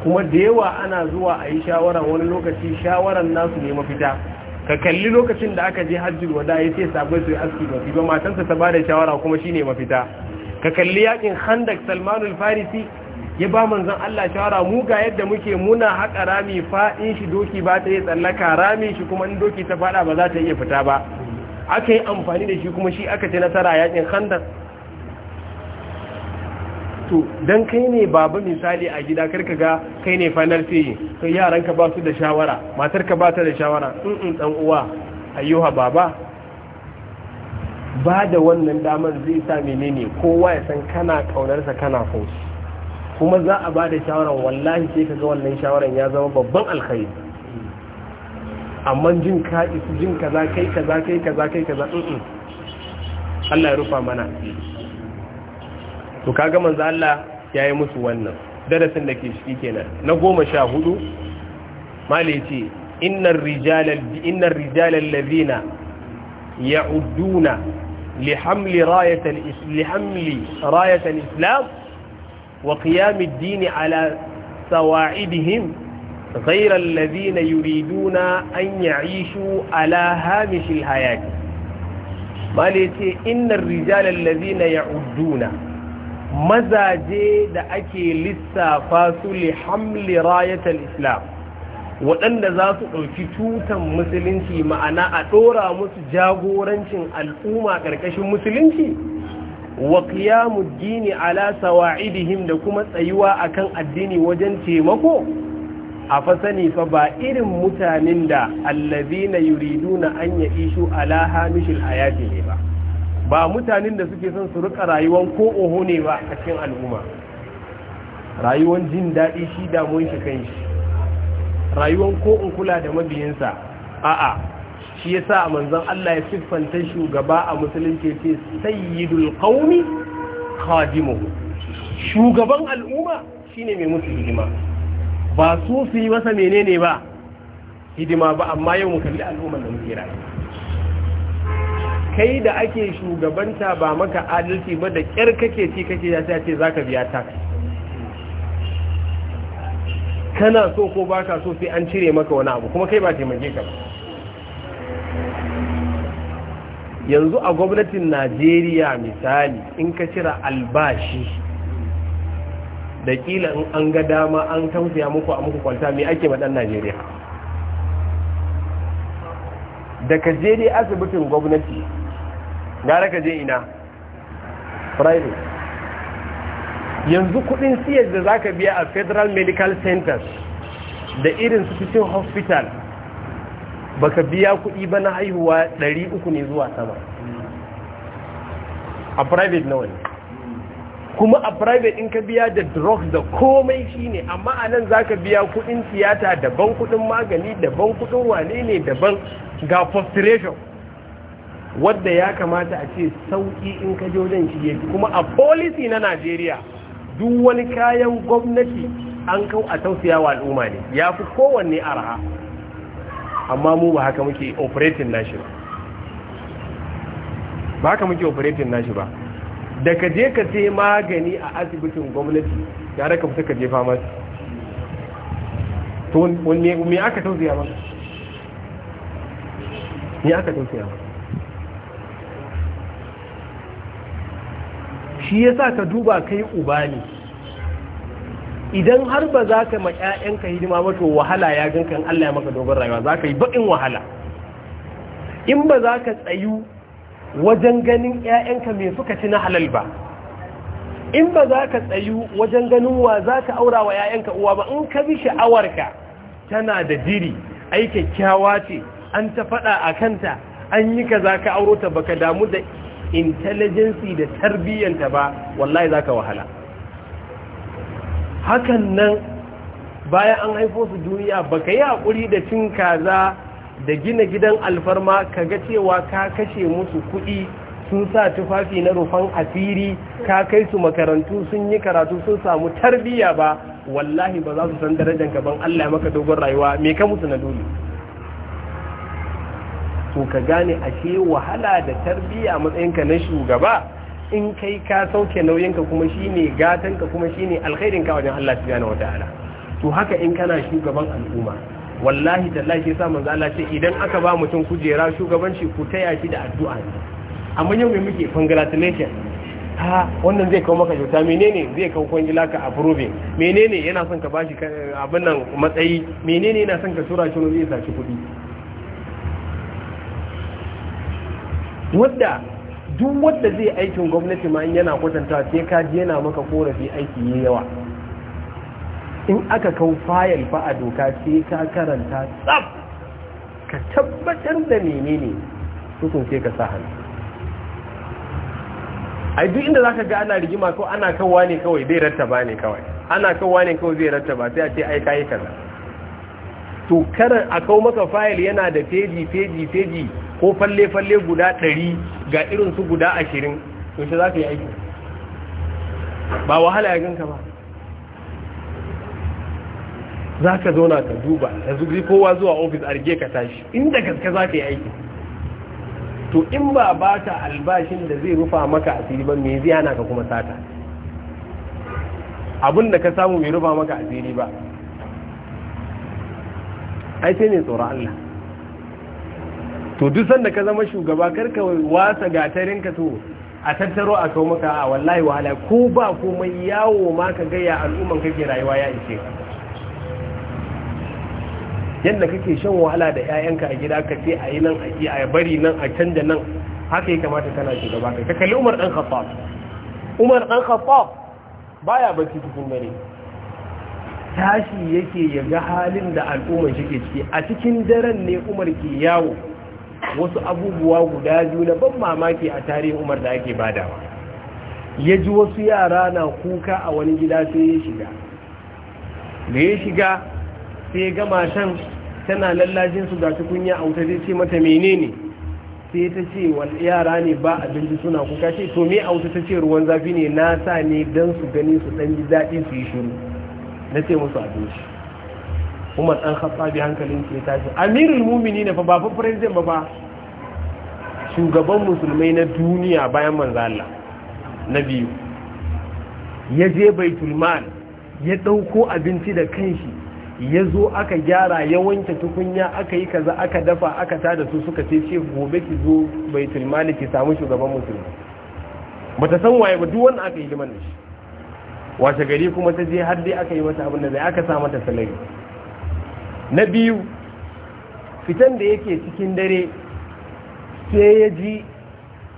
kuma da yawa ana zuwa a yi shawara wani lokaci shawaran nasu ne mafita ka kalli lokacin da aka je hajjul wada ya ce sabai su yi aski mafi ba matansa ta ba da shawara kuma shi ne mafita ka kalli yakin handak salmanul farisi ya ba manzan Allah shawara mu ga yadda muke muna haƙa rami fa'in shi doki ba ta yi tsallaka rami shi kuma in doki ta faɗa ba za ta iya fita ba aka yi amfani da shi kuma shi aka ce nasara yakin handan to dan kai ne baba misali a gida karka ga kai ne fanar fiye to yaranka ba su da shawara matarka ba ta da shawara in dan uwa ayyuha baba ba da wannan damar zai sa menene kowa ya san kana kaunarsa kana son kuma za a bada shawarar wallahi sai ka ga wannan shawarar ya zama babban alkhairi amma jin ka isu jin ka za kai ka za kai ka za kai ka za ɗin Allah ya rufa mana to kaga manzo Allah yi musu wannan darasin da ke ciki kenan na goma sha hudu. mali ce innar Rijalal innar rijalal ladina ya'uduna li hamli rayatan li hamli rayatan islam wa qiyamid dini ala sawa'idihim ghayra alladhina yuriduna an ya'ishu ala hamishil hayati bale innan innar rijala alladhina ya'udduna mazaje da ake lissafa su li hamli islam waɗanda za su ɗauki tutan musulunci ma'ana a ɗora musu jagorancin al'umma ƙarƙashin musulunci wa qiyamud dini ala sawa'idihim da kuma tsayuwa akan addini wajen taimako a fasani fa ba irin mutanen da allazina yuriduna an ya'ishu ala hamishil hayati ne ba ba mutanen da suke son su rika rayuwar ko oho ne ba a cikin al'umma rayuwan jin daɗi shi damuwan shi kan shi rayuwan ko in kula da mabiyinsa a'a shi ya a manzon Allah ya siffanta shugaba a musulunci ce sayyidul qaumi kadimu. shugaban al'umma shine mai musu hidima ba su su yi masa menene ba hidima ba amma yau mu kalli al'umma da muke rayu kai da ake shugabanta ba maka adalci ba da ƙyar kake ci kake ya ce za ka biya ta. kana so ko baka so sai an cire maka wani abu kuma kai ba taimake ka ba yanzu a gwamnatin najeriya misali in ka cira albashi da kila in an ga dama an tausaya muku a muku kwalta mai ake maɗan najeriya da ka je dai asibitin gwamnati gara ka je ina private yanzu kudin siyar da za ka biya a federal medical centers da irin su cikin hospital baka biya kuɗi ba na haihuwa 300 ne zuwa sama a private nawa ne kuma a private in ka biya da drugs da komai shine amma a nan za ka biya kuɗin tiyata daban kuɗin magani daban kuɗin wane ne daban ga frustration wadda ya kamata a ce sauƙi in ka je wajen shi yake kuma a policy na Najeriya duk wani kayan gwamnati an kau a tausiyawa al'umma ne ya fi kowanne arha amma mu ba haka muke operating nashi ba ba haka muke operating nashi ba da ka je ka sai magani a asibitin gwamnati ya raka fita ka je famasi to me aka tausaya ba me aka tausaya ba shi yasa ka duba kai uba ne idan har ba za ka ma 'ya'yanka hidima ba to wahala ya ganka in Allah ya maka dogon rayuwa za ka yi baƙin wahala in ba za ka tsayu wajen ganin 'ya'yanka mai suka ci na halal ba in ba za ka tsayu wajen ganin wa za ka aura wa 'ya'yanka uwa ba in ka bi sha'awarka tana da jiri ai kyakkyawa ce an ta faɗa a kanta an yi ka za ka auro ta ka damu da intelligence da tarbiyyanta ba wallahi za ka wahala hakan nan bayan an haifo su duniya baka yi haƙuri da cin kaza da gina gidan alfarma ka ga cewa ka kashe musu kuɗi sun sa tufafi na rufan asiri ka kai su makarantu sun yi karatu sun samu tarbiyya ba wallahi ba za su san darajar gaban Allah maka dogon rayuwa me ka musu na dole to ka gane ashe wahala da tarbiyya matsayinka na shugaba in kai ka sauke nauyinka kuma shine gatanka kuma shine ka wajen Allah subhanahu ala, to haka in kana shugaban al'umma wallahi tallahi yasa manzo Allah ce idan aka ba mutum kujera shugabanci ku taya shi da addu'a ne amma yau mai muke congratulation ha wannan zai kawo maka kyauta menene zai kawo kwangila ka approve menene yana son ka bashi abin nan matsayi menene yana son ka tura shi zai saci kuɗi wadda duk wanda zai aikin gwamnati ma in yana kwatanta sai ka je yana maka korafi aiki yayi yawa in aka kau fayil fa a doka sai ka karanta tsaf ka tabbatar da menene hukun sai ka sa hannu ai duk inda zaka ga ana rigima ko ana kawwa ne kawai zai rattaba ne kawai ana kawwa ne kawai zai rattaba sai a ce ai kai kaza to karan a kawo maka fayil yana da feji feji feji ko falle-falle guda ɗari ga irin su guda ashirin yaushe za ka yi aiki ba wahala ya ganka ba za ka zauna ka duba yanzu kowa zuwa ofis arge ka tashi inda gaske za ka yi aiki to in ba ba ta albashin da zai rufa maka asiri ba mai ziyana ka kuma sata abin da ka samu mai rufa maka asiri ba ai sai ne tsoron Allah to duk sanda ka zama shugaba karka wasa gatarin ka to a tattaro a kawo maka a wallahi wahala ko ba komai yawo ma ka gaya al'umman kake rayuwa ya ishe yadda kake shan wahala da 'ya'yanka a gida ka ce a yi nan a a bari nan a canja nan haka ya kamata kana shugaba kai ka kalli umar dan khattab umar dan khattab baya barci cikin dare tashi yake ya ga halin da al'umman shi ke ciki a cikin daren ne umar ke yawo wasu abubuwa guda biyu na ban mamaki a tarihin umar da ake badawa ya ji wasu yara na kuka a wani gida sai ya shiga da ya shiga sai ya gama shan tana lallajin su ga tukunya a wuta zai ce mata menene sai ta ce wa yara ne ba abinci suna kuka ce to me a wuta ta ce ruwan zafi ne na sa ne don su gani su ɗan ji daɗi su yi shiru na ce musu abinci umar ɗan khattabi hankalin ke tashi amirul mumini ne fa ba fa president ba ba. shugaban musulmai na duniya bayan manzo Allah na biyu ya je baitul mal ya ɗauko abinci da kanshi ya zo aka gyara ya wanke tukunya aka yi kaza aka dafa aka ta da su suka ce ce gobe ki zo baitul mal ki samu shugaban musulmai bata san waye ba duk wanda aka yi liman da shi washe gari kuma ta je har dai aka yi mata abin da zai aka sa mata salari na biyu fitan da yake cikin dare sai ya ji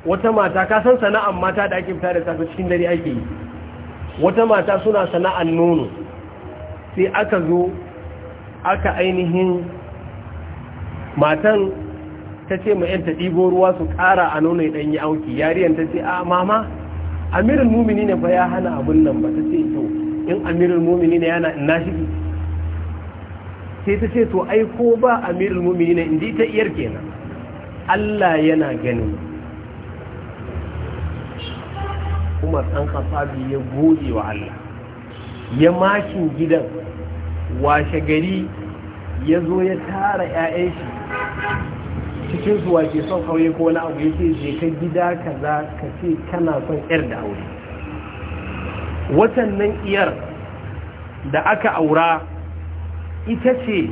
wata mata ka san sana'an mata da ake fita da safe cikin dare ake yi wata mata suna sana'an nono sai aka zo aka ainihin matan ta ce ma 'yan ta ɗigo ruwa su ƙara a nono ya ɗanyi auki yariyan ta ce a mama amirin mumini ne ba ya hana abin nan ba ta ce to in amirin mumini ne yana ina shi sai ta ce to ai ko ba amirul mu'minin inda ta iyar kenan Allah yana ganin Umar dan Khattabi ya gode wa Allah ya maki gidan washe gari ya zo ya tara 'ya'yan shi cikin su wake son aure ko wani abu yake je ka gida kaza ka ce kana son ƴar da aure watan nan iyar da aka aura ita ce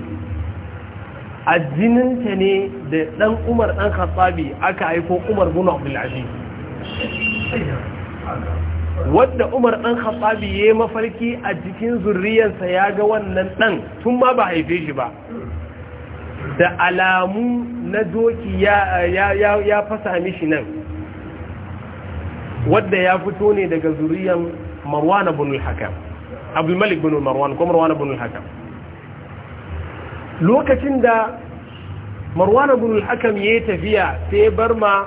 a jininta ne da ɗan umar ɗan khattabi aka haifo umar bin abdulaziz wadda umar ɗan khattabi ya yi mafarki a jikin zurriyarsa ya ga wannan ɗan tun ma ba haife shi ba da alamu na doki ya fasa mishi nan wadda ya fito ne daga zuriyar marwana bin al-hakam malik bin marwan ko marwana bin al-hakam lokacin da marwana gudun hakan ya yayi tafiya sai bar ma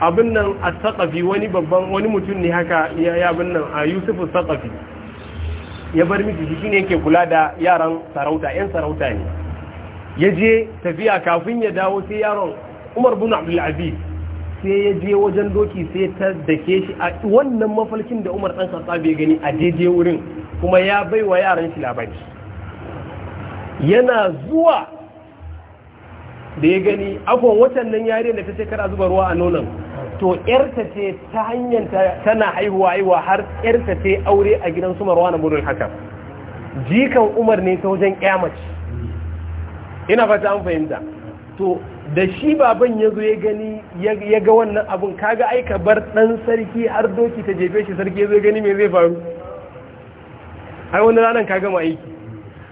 abin nan a tsakafi wani babban wani mutum ne haka ya abin nan a yusuf tsakafi ya bar miki shi ne yake kula da yaran sarauta yan sarauta ne ya je tafiya kafin ya dawo sai yaron umar bin abdullabi sai ya je wajen doki sai ta dake shi a wannan mafalkin da umar ɗan kasa bai gani a daidai wurin kuma ya bai wa yaran shi labari yana zuwa da ya gani akwai watan nan yare da ta shekara zuba ruwa a nonon to yarta ce ta hanyar tana haihuwa haihuwa har yarta ce aure a gidan su marwa na burin haka jikan umar ne ta wajen kyamaci ina fata an fahimta to da shi baban ya zo ya gani ya ga wannan abun kaga aika bar ɗan sarki har doki ta jefe shi sarki ya zo ya gani mai zai faru ai wani ranar ka gama aiki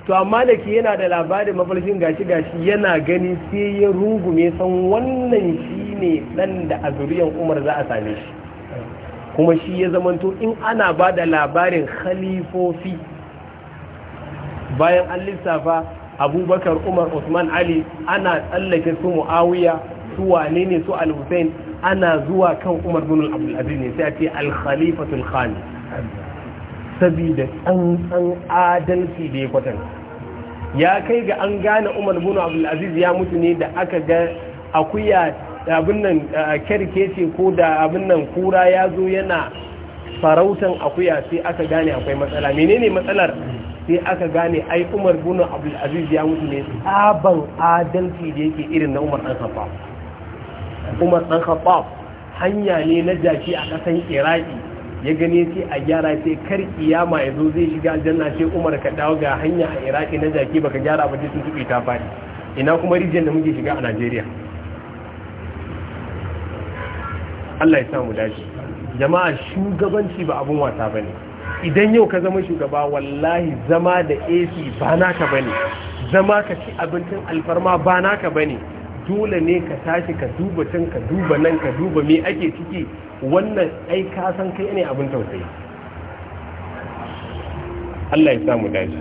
to amma da ke yana da labarin mafarkin gashi-gashi yana gani sai ya rungume san wannan shi ne ɗan da a zuriyan umar za a same shi kuma shi ya zamanto in ana ba da labarin khalifofi bayan an lissafa abubakar umar usman ali ana tsallake su mu'awiya su wane ne su al-hussein ana zuwa kan umar bin al ne sai a ce al-khalifatul khani saboda tsantsan adalci da ya kwatanta ya kai ga an gane umar bin al-abdul-aziz ya mutu ne da aka ga akuya abin nan ce ko da abin nan kura ya zo yana farautan akuya sai aka gane akwai matsala menene matsalar sai aka gane ai umar bin abdul aziz ya mutu ne sabon adalci da yake irin na umar dan khattab umar dan khattab hanya ne na jaki a kasan iraki ya gane sai a gyara sai kar kiyama ya zo zai shiga janna sai umar ka dawo ga hanya a iraki na jaki baka gyara ba sai sun ta fadi ina kuma rijiyar da muke shiga a najeriya Allah ya samu dace jama'a shugabanci ba abun wasa bane idan yau ka zama shugaba wallahi zama da AC ba naka bane zama ka ci abincin alfarma ba naka bane dole ne ka tashi ka duba can ka duba nan ka duba me ake ciki wannan ai ka san kai ne abin tausayi Allah ya samu dace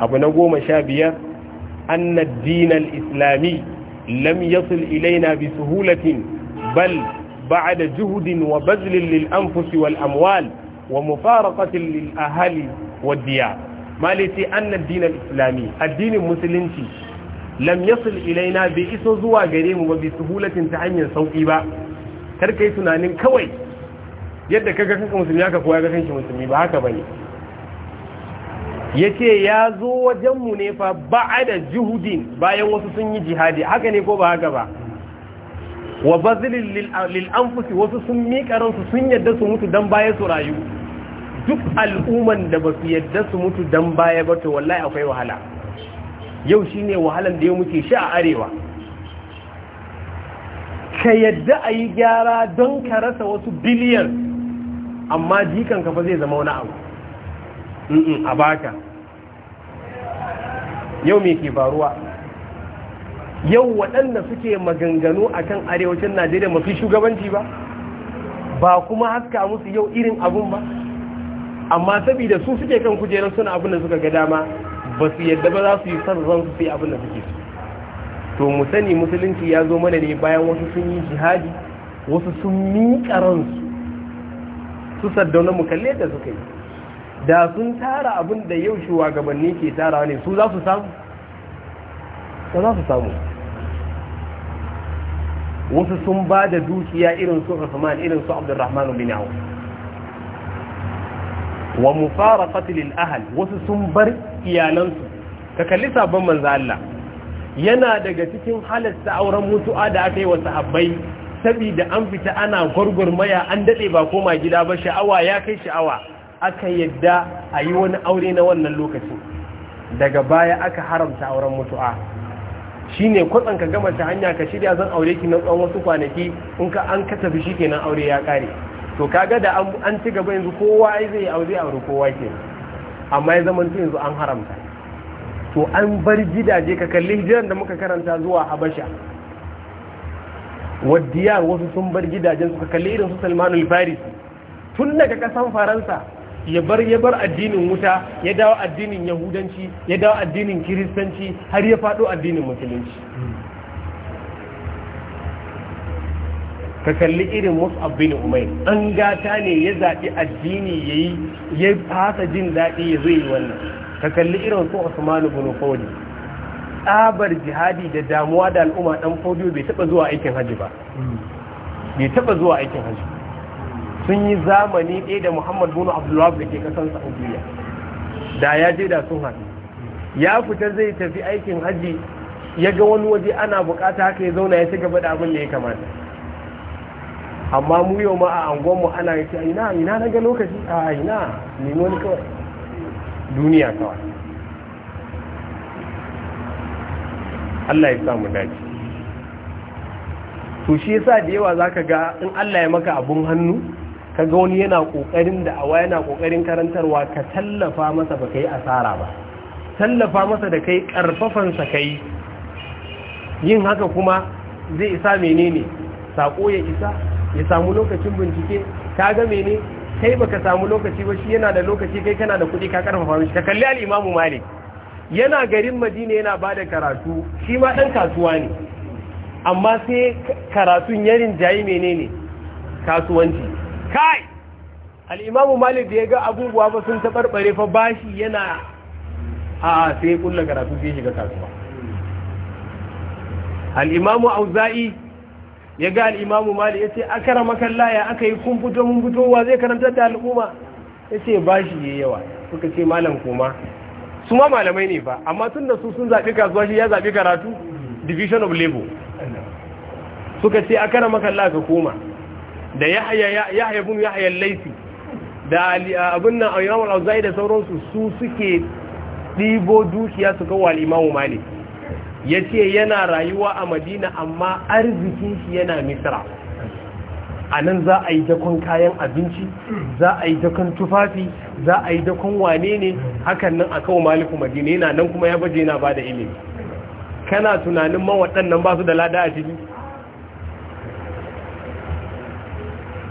abu na goma sha biyar anna islami lam yasil ilaina bi suhulatin bal ba'da juhudin wa bazlin lil anfusi wal amwal wa mufaraqatin lil ahali wa diya malati anna ad-din al-islami addinin musulunci lam yasil ilaina bai iso zuwa gare mu ba bi suhulatin ta hanyar sauki ba kar kai tunanin kawai yadda kaga kanka musulmi haka kowa ga kanki musulmi ba haka bane yace ya zo wajen mu ne fa ba'ada juhudin bayan wasu sun yi jihadi haka ne ko ba haka ba wa bazilin lil'amfusi wasu sun miƙa ransu sun yadda su mutu don baya su rayu duk al'umman da ba su yadda su mutu don baya ba to wallahi akwai wahala yau shi ne wahalan da ya muke shi a arewa ka yadda a yi gyara don ka rasa wasu biliyan amma jikan kafa zai zama wani abu a baka yau me ke faruwa yau waɗanda suke maganganu a kan arewacin najeriya mafi shugabanci ba ba kuma haska musu yau irin abun ba amma saboda su suke kan kujerar suna abin da suka ga dama ba su yadda ba za su yi son zan su sai abin da suke su to mu sani musulunci ya zo mana ne bayan wasu sun yi jihadi wasu sun miƙa ransu su saddauna mu kalle da suka yi da sun tara abin da yau shugabanni ke tara ne su za su samu ba za su samu wasu sun ba da dukiya irin su irinsu irin su Abdurrahman bin Auf wa mufaraqati lil ahl wasu sun bar iyalansu ka kalli sabon manzo Allah yana daga cikin halasta auren mutu'a da aka yi wa sahabbai saboda an fita ana gurgurmaya an dade ba koma gida ba sha'awa ya kai sha'awa aka yadda a yi wani aure na wannan lokaci daga baya aka haramta auren mutu'a Shi ne kwatsan ka gama ta hanya ka shirya zan aure ki na tsawon wasu kwanaki in ka an ka tafi kenan aure ya kare to kaga da an ci gaba yanzu kowa zai aure aure kowa ke amma ya zama yanzu an haramta to an bar gidaje ka kalli hijiran da muka karanta zuwa habasha wadiyar wasu sun bar gidajen su ka kalli irin su salmanul farisi tun daga kasan faransa ya bar ya bar addinin wuta ya dawo addinin yahudanci ya dawo addinin kiristanci har ya faɗo addinin musulunci ka kalli irin mus'ab bin umair an gata ne ya zabi addini yayi ya fasa jin daɗi ya zo yi wannan ka kalli irin su Usman bin Fodi tsabar jihadi da damuwa da al'umma dan Fodi bai taba zuwa aikin haji ba hmm. sun yi zamani ɗaya da muhammad bin abdullahi da ke kasan saudiya da ya je da sun haɗu ya fita zai tafi aikin hajji ya ga wani waje ana bukata haka ya zauna ya ci gaba da abin da ya kamata amma mu yau ma a angonmu ana yake ina ina na ga lokaci a ina ne wani kawai duniya kawai Allah ya samu dace to shi yasa da yawa zaka ga in Allah ya maka abun hannu ka ga wani yana ƙoƙarin da awa yana ƙoƙarin karantarwa ka tallafa masa ba ka yi asara ba tallafa masa da kai ƙarfafansa ka yi yin haka kuma zai isa menene saƙo ya isa ya samu lokacin bincike ka ga mene kai baka samu lokaci ba shi yana da lokaci kai kana da kuɗi ka karfafa mishi ka kalli al'imamu malik yana garin madina yana ba da karatu shi ma ɗan kasuwa ne amma sai karatun yarin jayi menene kasuwanci kai al'imamu malik da ya ga abubuwa ba sun taɓarɓare fa bashi yana a sai kulla karatu sai shiga kasuwa al'imamu auza'i ya ga al'imamu malik ya ce aka ramakan ya aka yi kun fito mun wa zai karantar da al'umma ya ce bashi ya yawa suka ce malam koma su ma malamai ne ba amma tun da su sun zaɓi kasuwa shi ya zaɓi karatu division of labor suka ce a ramakan laya ka koma da yahya yahya bin yahya al-laisi da abin nan al-imam auzai da sauransu su suke ɗibo dukiya su kawo al-imam Ya yace yana rayuwa a madina amma arzikin shi yana misra a nan za a yi dakon kayan abinci za a yi dakon tufafi za a yi dakon wane ne hakan nan a kawo maliku madina yana nan kuma ya baje yana ba da ilimi kana tunanin mawaɗannan ba su da lada a ciki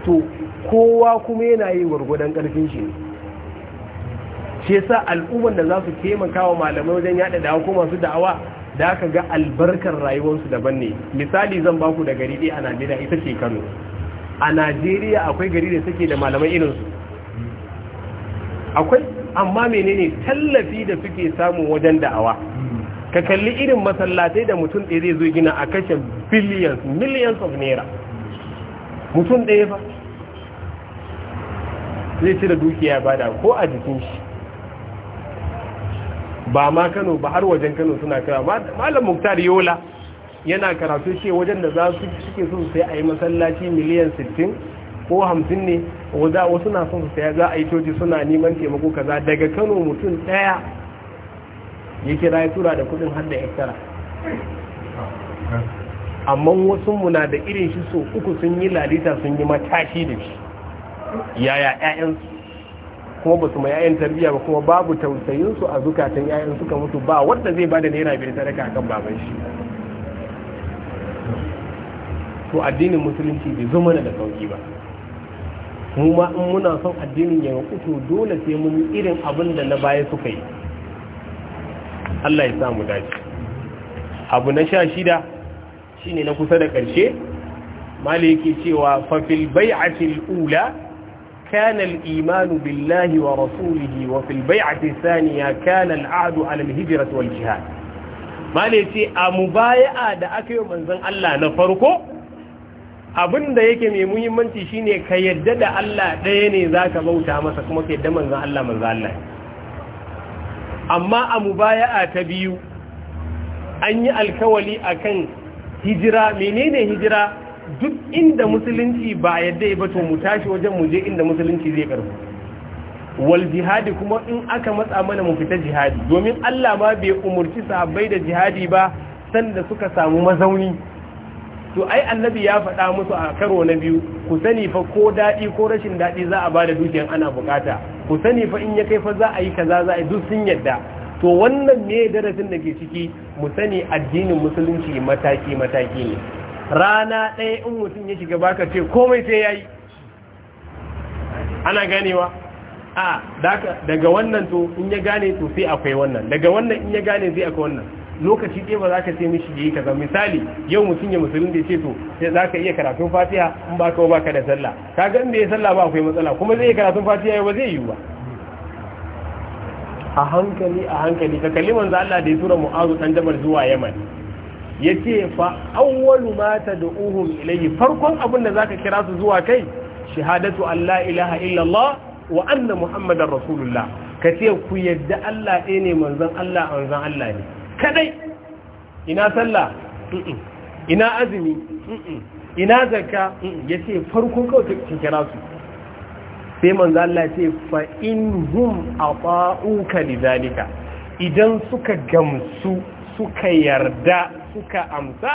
to kowa kuma yana yi gwargwadon ƙarfin shi ne shi sa al'umman da za su taimaka wa malamai wajen yada da ko masu da'awa da aka ga albarkar rayuwarsu daban ne misali zan baku da gari ɗaya a najeriya ita ce kano a najeriya akwai gari da suke da malamai irinsu akwai amma menene tallafi da suke samu wajen da'awa ka kalli irin masallatai da mutum ɗaya zai zo gina a kashe billions millions of naira mutum ɗaya ba zai da dukiya ba da ko a jikin shi ba ma kano ba har wajen kano suna kira malam muktar yola yana karatu ce wajen da za su suke so sai a yi masallaci miliyan 60 ko 50 ne wadda wasu na son su za a yi coci suna neman taimako kaza daga kano mutum ɗaya ya kira ya tura da kudin har da tara amma wasu muna da irin shi so uku sun yi lalita sun yi matashi da shi yaya ƴaƴansu kuma ba su ma ƴaƴan tarbiyya ba kuma babu tausayinsu a zukatan ƴaƴan suka mutu ba wanda zai bada naira biyar sadaka akan baban shi to addinin musulunci bai zo da sauki ba mu in muna son addinin ya kuto dole sai mun yi irin abin da na baya suka yi Allah ya samu dace abu na sha shida ne na kusa da ƙarshe maliki cewa fafil bai'atil ula kana imanu billahi wa rasulihi wa fil bai'ati thaniya kana al-ahdu ala wal jihad maliki a mubaya'a da aka yi manzan Allah na farko abinda yake mai muhimmanci shine ka yadda da Allah ɗaya ne zaka bauta masa kuma ka yadda manzan Allah manzon Allah amma a mubaya'a ta biyu an yi alkawali akan hijira menene hijira duk inda musulunci ba yadda ba to mu tashi wajen mu je inda musulunci zai karbu wal jihadi kuma in aka matsa mana mu fita jihadi domin Allah ma bai umurci sahabbai da jihadi ba sanda suka samu mazauni to ai annabi ya faɗa musu a karo na biyu ku sani fa ko daɗi ko rashin daɗi za a ba da dukiyan ana bukata ku sani fa in ya kai fa za a yi kaza za a yi duk sun yadda to wannan ne darasin da ke ciki mu sani addinin musulunci mataki mataki ne rana ɗaya in mutum ya shiga baka ce komai sai yi. ana ganewa a daga wannan to in ya gane to sai akwai wannan daga wannan in ya gane sai akwai wannan lokaci ɗaya ba za ka sai mishi yi kaza misali yau mutum ya musulun da ce to sai za ka iya karatun fatiha in ba ka ba ka da sallah ka ga in ya sallah ba akwai matsala kuma zai iya karatun fatiha yau ba zai yi ba a hankali a hankali ka kalli manzo Allah da ya tura mu'azu dan jabal zuwa yaman yace fa awwalu ma tad'uhum ilayhi farkon abin da zaka kira su zuwa kai shahadatu an la ilaha illallah wa anna muhammadar rasulullah ka ce ku yadda Allah ɗaya ne manzon Allah manzon Allah ne kadai ina sallah ina azumi ina zakka yace farkon kawai kira su sai manzo Allah ce fa inhum ata'uka lidalika idan suka gamsu suka yarda suka amsa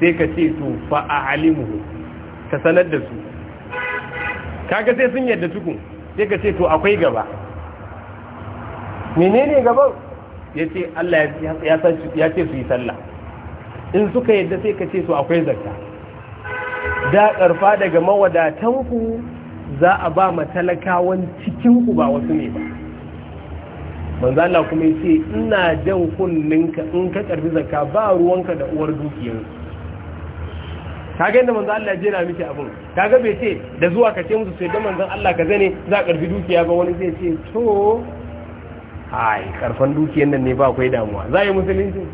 sai ka ce to fa a'alimu ka sanar da su kaga sai sun yarda tukun sai ka ce to akwai gaba menene gaban yace Allah ya ya ce su yi sallah in suka yarda sai ka ce to akwai zakka da karfa daga mawadatanku za a ba ma talakawan cikin ku ba wasu ne ba manzo Allah kuma yace ina jan kunninka in ka karbi zakka ba ruwanka da uwar dukiyar kaga inda manzo Allah ya jera miki abun kaga bai ce da zuwa ka ce musu sai da manzo Allah ka zane za ka karbi dukiya ba wani zai ce to ai karfan dukiyar nan ne ba akwai damuwa za musulunci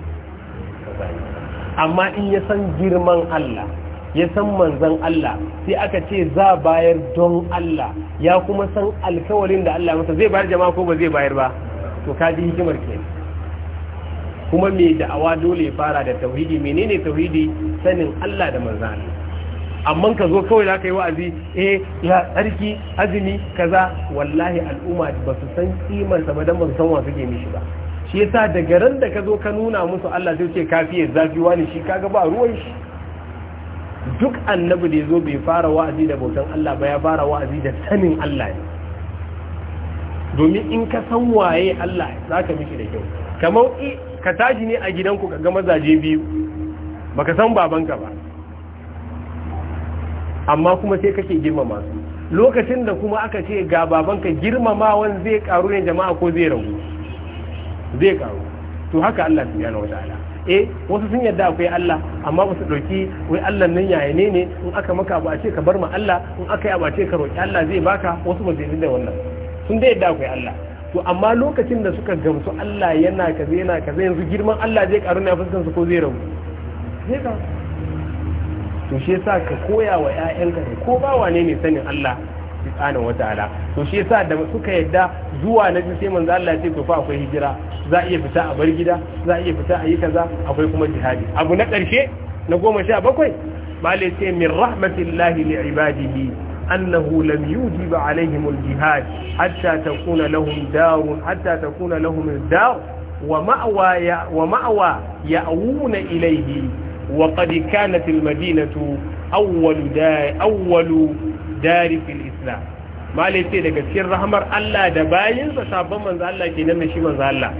amma in ya san girman Allah ya san manzan Allah sai aka ce za bayar don Allah ya kuma san alkawarin da Allah masa zai bayar jama'a ko ba zai bayar ba to ka ji hikimar ke kuma da da'awa dole fara da tauhidi menene tauhidi sanin Allah da manzan amma ka zo kawai zaka yi wa'azi eh ya tsarki azumi kaza wallahi al'umma ba su san kimar sa ba dan ba su san wa suke mishi ba shi yasa daga ran da ka zo ka nuna musu Allah zai ce kafiye zafi wani shi kaga ba ruwan shi duk annabi da ya zo bai fara wa'azi da bautan Allah ba ya fara wa'azi da sanin Allah ne domin in ka san waye Allah za ka miki da kyau kamar ka tashi ne a gidanku ka ga mazaje biyu baka san babanka ba amma kuma sai kake girmama su lokacin da kuma aka ce ga babanka girmamawan zai karu ne jama'a ko zai ragu zai karu to haka Allah subhanahu wataala eh wasu sun yarda akwai Allah amma ba su ɗauki wai Allah nan yaya ne ne in aka maka abu a ce ka bar ma Allah in aka yi abu a ce ka roƙi Allah zai baka wasu ba zai da wannan sun dai yarda akwai Allah to amma lokacin da suka gamsu Allah yana kaza yana kaza yanzu girman Allah zai karu ne a su ko zai rabu zai ka to shi yasa ka koya wa ƴaƴanka ko ba wane ne sanin Allah subhanahu wataala to shi yasa da suka yadda zuwa na biyu sai manzo Allah ya ce fa akwai hijira za a iya fita a bar gida za a iya fita a yi kaza akwai kuma jihadi abu na karshe na goma sha bakwai malai ce min rahmatillahi li ibadihi annahu lam yujib alaihim aljihad hatta takuna lahum darun hatta takuna lahum dar wa ma'wa ya wa ma'wa ya'una ilayhi wa qad kanat al madinatu awwal dar islam daga cikin rahmar Allah da sa sabon manzo Allah kenan da shi manzo Allah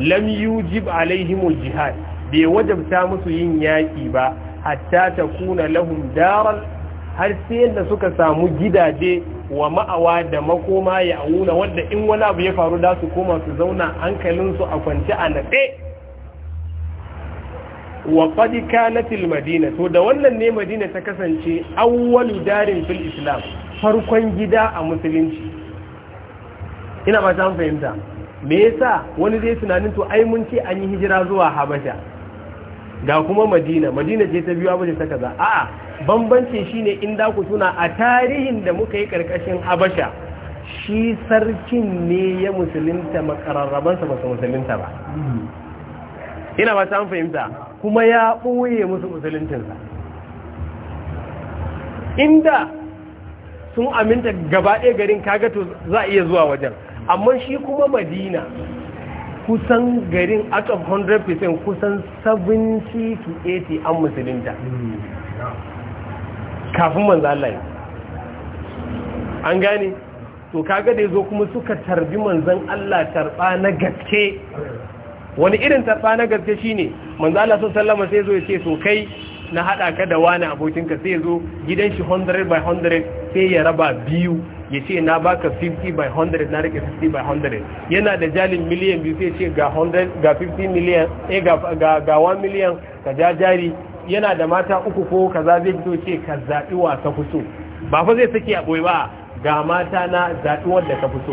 lam yujib alaihim jihad bai wajabta musu yin yaki ba hatta takuna lahum daral har sai yadda suka samu gidaje wa ma'awa da makoma ya auna wanda in wani abu ya faru da su koma su zauna hankalinsu a kwance a natse wa fadi madina to da wannan ne madina ta kasance awwalu darin fil islam farkon gida a musulunci ina ba ta fahimta me yasa wani zai tunanin to ai mun ce an yi hijira zuwa habasha ga kuma madina madina ce ta biyu habasha ta kaza a'a bambanci shine in da ku tuna a tarihin da muka yi karkashin habasha shi sarkin ne ya musulunta sa ba musulunta ba ina ba ta fahimta kuma ya ɓoye musu musuluntinsa inda sun aminta gabaɗe garin kagato za a iya zuwa wajen amma shi kuma madina kusan garin out of 100% kusan 70 80 an musulunta kafin manzo Allah ya an gane to kaga da ya zo kuma suka tarbi manzon Allah tarba na gaske wani irin tafa na gaske shine manzo Allah sallallahu alaihi sai zo ya ce to kai na hada ka da wani abokinka sai zo gidan shi 100 by 100 sai ya raba biyu ya ce na baka 50 by 100 na rike 50 by 100 yana da jalin miliyan biyu sai ya ce ga 100 ga 50 miliyan eh ga ga 1 miliyan ka ja jari yana da mata uku ko kaza zai fito ce ka zabi wasa kuso ba fa zai saki a boye ba ga mata na zaɓi wanda ka fito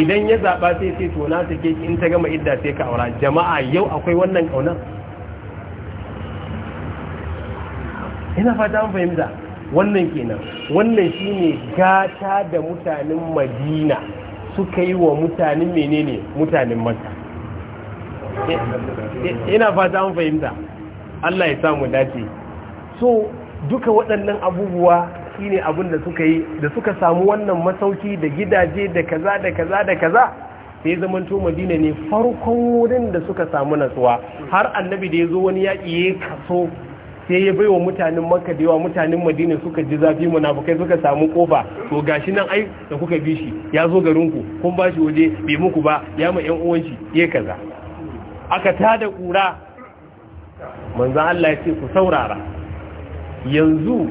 idan ya zaɓa sai sai to na take in ta gama idda sai ka aura jama'a yau akwai wannan ƙaunar ina fata an fahimta wannan kenan wannan shine gata da mutanen madina suka yi wa mutanen menene mutanen makka ina fata an fahimta Allah ya samu dace so duka waɗannan abubuwa ne abin da suka yi da suka samu wannan masauki da gidaje da kaza da kaza da kaza sai zamanto madina ne farkon wurin da suka samu natsuwa har annabi da ya zo wani yaƙi ya kaso sai ya baiwa mutanen makka da yawa mutanen madina suka ji zafi munafukai suka samu kofa to gashi nan ai da kuka bi shi ya zo garinku kun ba shi waje bai muku ba ya ma yan uwan shi ya kaza aka tada kura manzon Allah ya ce ku saurara yanzu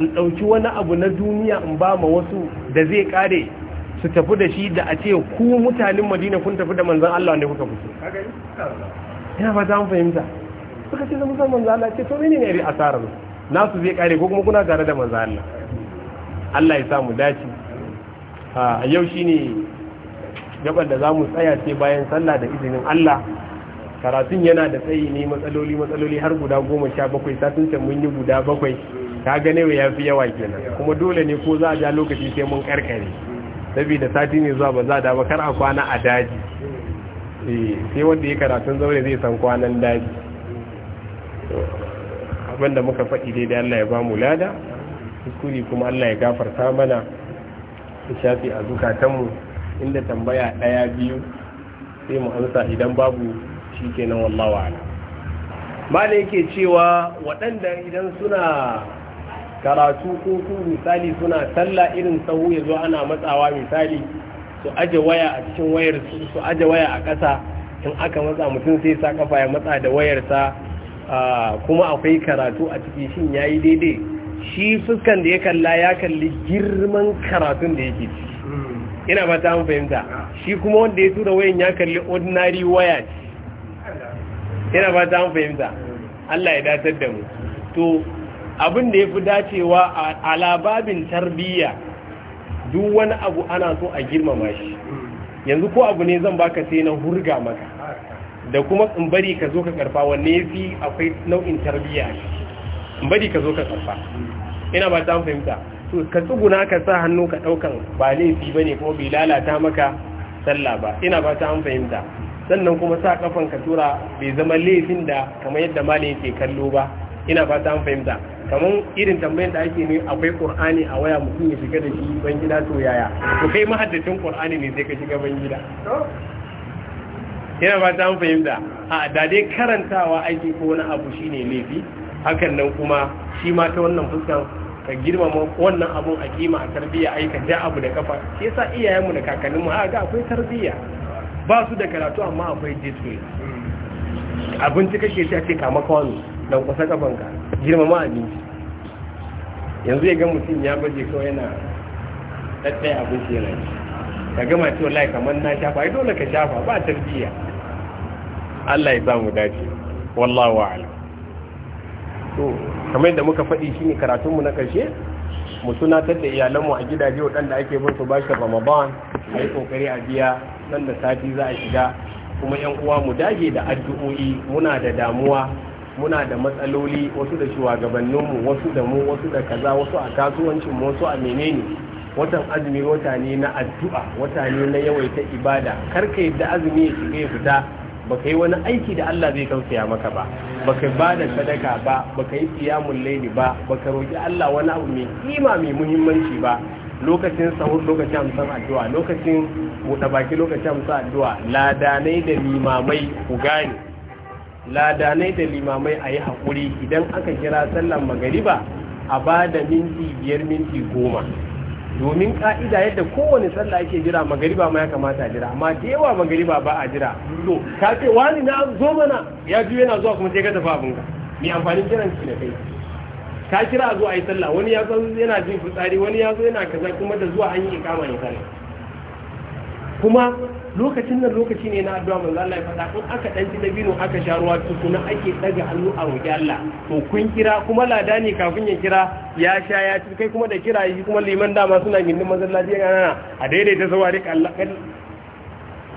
in ɗauki wani abu na duniya in ba ma wasu da zai kare su tafi da shi da a ce ku mutanen madina kun tafi da manzan Allah ne kuka fito ina fata an fahimta suka ce zama san manzan Allah ce to mene ne asarar nasu zai kare ko kuma kuna tare da manzan Allah Allah ya samu dace a yau shine gaban da zamu tsaya ce bayan sallah da izinin Allah karatun yana da tsayi ne matsaloli matsaloli har guda goma sha bakwai satin can mun yi guda bakwai ka gane ya fi yawa kenan kuma dole ne ko za a ja lokaci sai mun karkare saboda sati ne zuwa ba za a ba kar a kwana a daji eh, sai wanda ya karatun zaure zai san kwanan daji abinda muka faɗi dai da Allah ya ba mu lada hukuri kuma Allah ya gafarta mana ya shafi a zukatanmu inda tambaya ɗaya biyu sai mu amsa idan babu shi kenan wallawa ala ba da yake cewa waɗanda idan suna karatu ko su misali suna sallah irin sahu ya zo ana matsawa misali su aje waya a cikin wayar su su aje waya a ƙasa in aka matsa mutum sai sa kafa ya matsa da wayarsa kuma akwai karatu a ciki shin yayi daidai shi fuskan da ya kalla ya kalli girman karatun da yake ci ina ba ta fahimta shi kuma wanda ya tura wayan ya kalli ordinary waya ce ina ba ta fahimta Allah ya datar da mu to abin da ya fi dacewa a lababin tarbiyya duk wani abu ana so a girmama shi yanzu ko abu ne zan baka sai na hurga maka da kuma in bari ka zo ka karfa wanne ya fi akwai nau'in tarbiyya in bari ka zo ka karfa ina ba ta fahimta to ka tsuguna ka sa hannu ka ɗaukan ba laifi ba ne kuma bai lalata maka sallah ba ina ba ta fahimta sannan kuma sa kafan ka tura bai zama laifin da kamar yadda malin ke kallo ba ina ba ta fahimta kamar irin tambayin da ake ne akwai ƙur'ani a waya mutum ya shiga da shi ban gida to yaya to kai mahaddacin ƙur'ani ne sai ka shiga ban gida yana ba ta fahimta a da dai karantawa aiki ko wani abu shi ne laifi hakan nan kuma shi ma ta wannan fuskan ka girmama wannan abun a kima a tarbiyya ai ja abu da kafa shi yasa iyayenmu da kakanninmu a ga akwai tarbiyya ba su da karatu amma akwai discipline abinci kake ci a ce kama kwano dan kusa kafanka girmama abinci yanzu ya ga mutum ya baje kawai yana tattaya abinci yana ci ka gama ce wallahi kamar na shafa ai dole ka shafa ba tarbiyya Allah ya samu dace wallahu a'lam to kamar yadda muka faɗi shine karatun mu na karshe mu tunatar da iyalanmu a gidaje waɗanda ake bin su bashi Ramadan ai kokari a biya nan da sati za a shiga kuma yan uwa mu dage da addu'o'i muna da damuwa muna da matsaloli wasu da shugabanninmu wasu da mu wasu da kaza wasu a kasuwancin wasu a menene watan azumi wata ne na addu'a wata ne na yawaita ibada kar yi yadda azumi ya shiga ya fita baka yi wani aiki da Allah zai tausaya maka ba baka ba da sadaka ba baka yi siyamun laili ba baka roki Allah wani abu mai kima mai muhimmanci ba lokacin sahur lokacin amsan addu'a lokacin buɗe baki lokacin amsan addu'a ladanai da limamai ku gane ladanai da limamai a yi haƙuri idan aka kira sallan magariba a ba da minti biyar minti goma domin ƙa'ida yadda kowane sallah ake jira magariba ma ya kamata a jira amma da yawa magariba ba a jira to ka ce wani na zo mana ya fi yana zuwa kuma sai ka tafi ka mai amfanin kiran ki da kai ka kira a zo a yi sallah wani ya zo yana jin fitsari wani ya zo yana kaza kuma da zuwa an yi ikama ne kuma lokacin nan lokaci ne na addu'a manzo Allah ya faɗa in aka dan ci dabino aka sha ruwa to kuma ake daga hannu a roƙi Allah to kun kira kuma lada ne kafin ya kira ya sha ya ci kai kuma da kira yi kuma liman dama suna gindin masallaci yana a daidaita zuwa duk Allah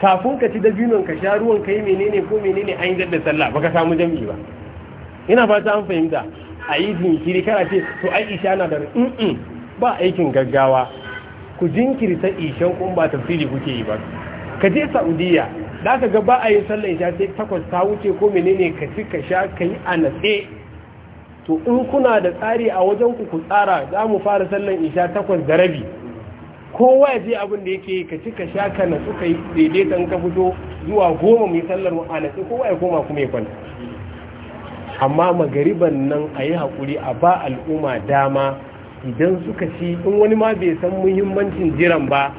kafin ka ci dabino ka sha ruwan kai menene ko menene an yi da sallah baka samu jami'i ba ina fata an fahimta a yi jinkiri kana ce to ai isha na da ba aikin gaggawa ku jinkiri ta ishan kun ba tafsiri kuke yi ba ka je saudiya za ka ga ba a yi sallar isha sai takwas ta wuce ko menene ka ci ka sha ka yi a natse to in kuna da tsari a wajen ku ku tsara za mu fara sallar isha takwas da rabi kowa ya je abin da yake ka ci ka sha ka natsu ka yi daidaitan ka fito zuwa goma mai sallar mu a natse kowa ya koma kuma ya kwanta amma magariban nan a yi haƙuri a ba al'umma dama idan suka ci in wani ma bai san muhimmancin jiran ba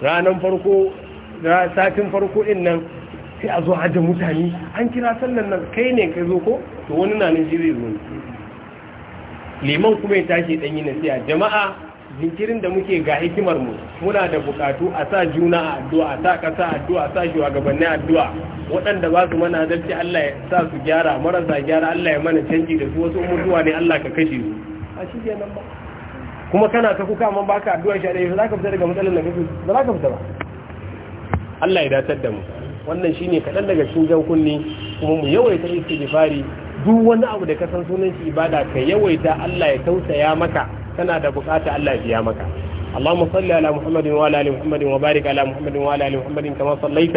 ranar farko na satin farko din nan sai a zo hajji mutane an kira sallan nan kai ne ka zo ko to wani na nan shi zai zo liman kuma ya tashi ɗanyi siya jama'a jinkirin da muke ga hikimar mu muna da bukatu a sa juna a addu'a a sa ƙasa addu'a a sa shugabannin addu'a waɗanda ba su mana zarci Allah ya sa su gyara marasa gyara Allah ya mana canji da su wasu umurduwa ne Allah ka kashe su a shi ba kuma kana ta kuka man baka addu'a shi a ɗaya za ka fita daga matsalar da kake ba za ka fita ba Allah ya datar da mu wannan shine kaɗan daga cikin jan kunne kuma mu yawaita istighfari duk wani abu da ka san sunan shi ibada ka yawaita Allah ya tausaya maka kana da bukata Allah ya biya maka اللهم صل على محمد وعلى ال محمد وبارك على محمد وعلى ال محمد كما صليت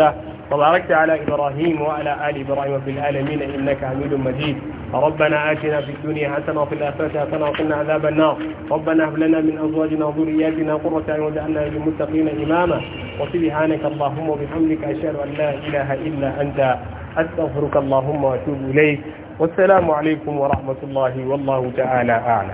وباركت على إبراهيم وعلى آل إبراهيم في العالمين إنك حميد مجيد ربنا آتنا في الدنيا حسنة وفي الآخرة حسنة وقنا عذاب النار ربنا هب لنا من أزواجنا وذرياتنا قرة أعين واجعلنا للمتقين إماما وسبحانك اللهم وبحمدك أشهد أن لا إله إلا أنت أستغفرك اللهم وأتوب إليك والسلام عليكم ورحمة الله والله تعالى أعلم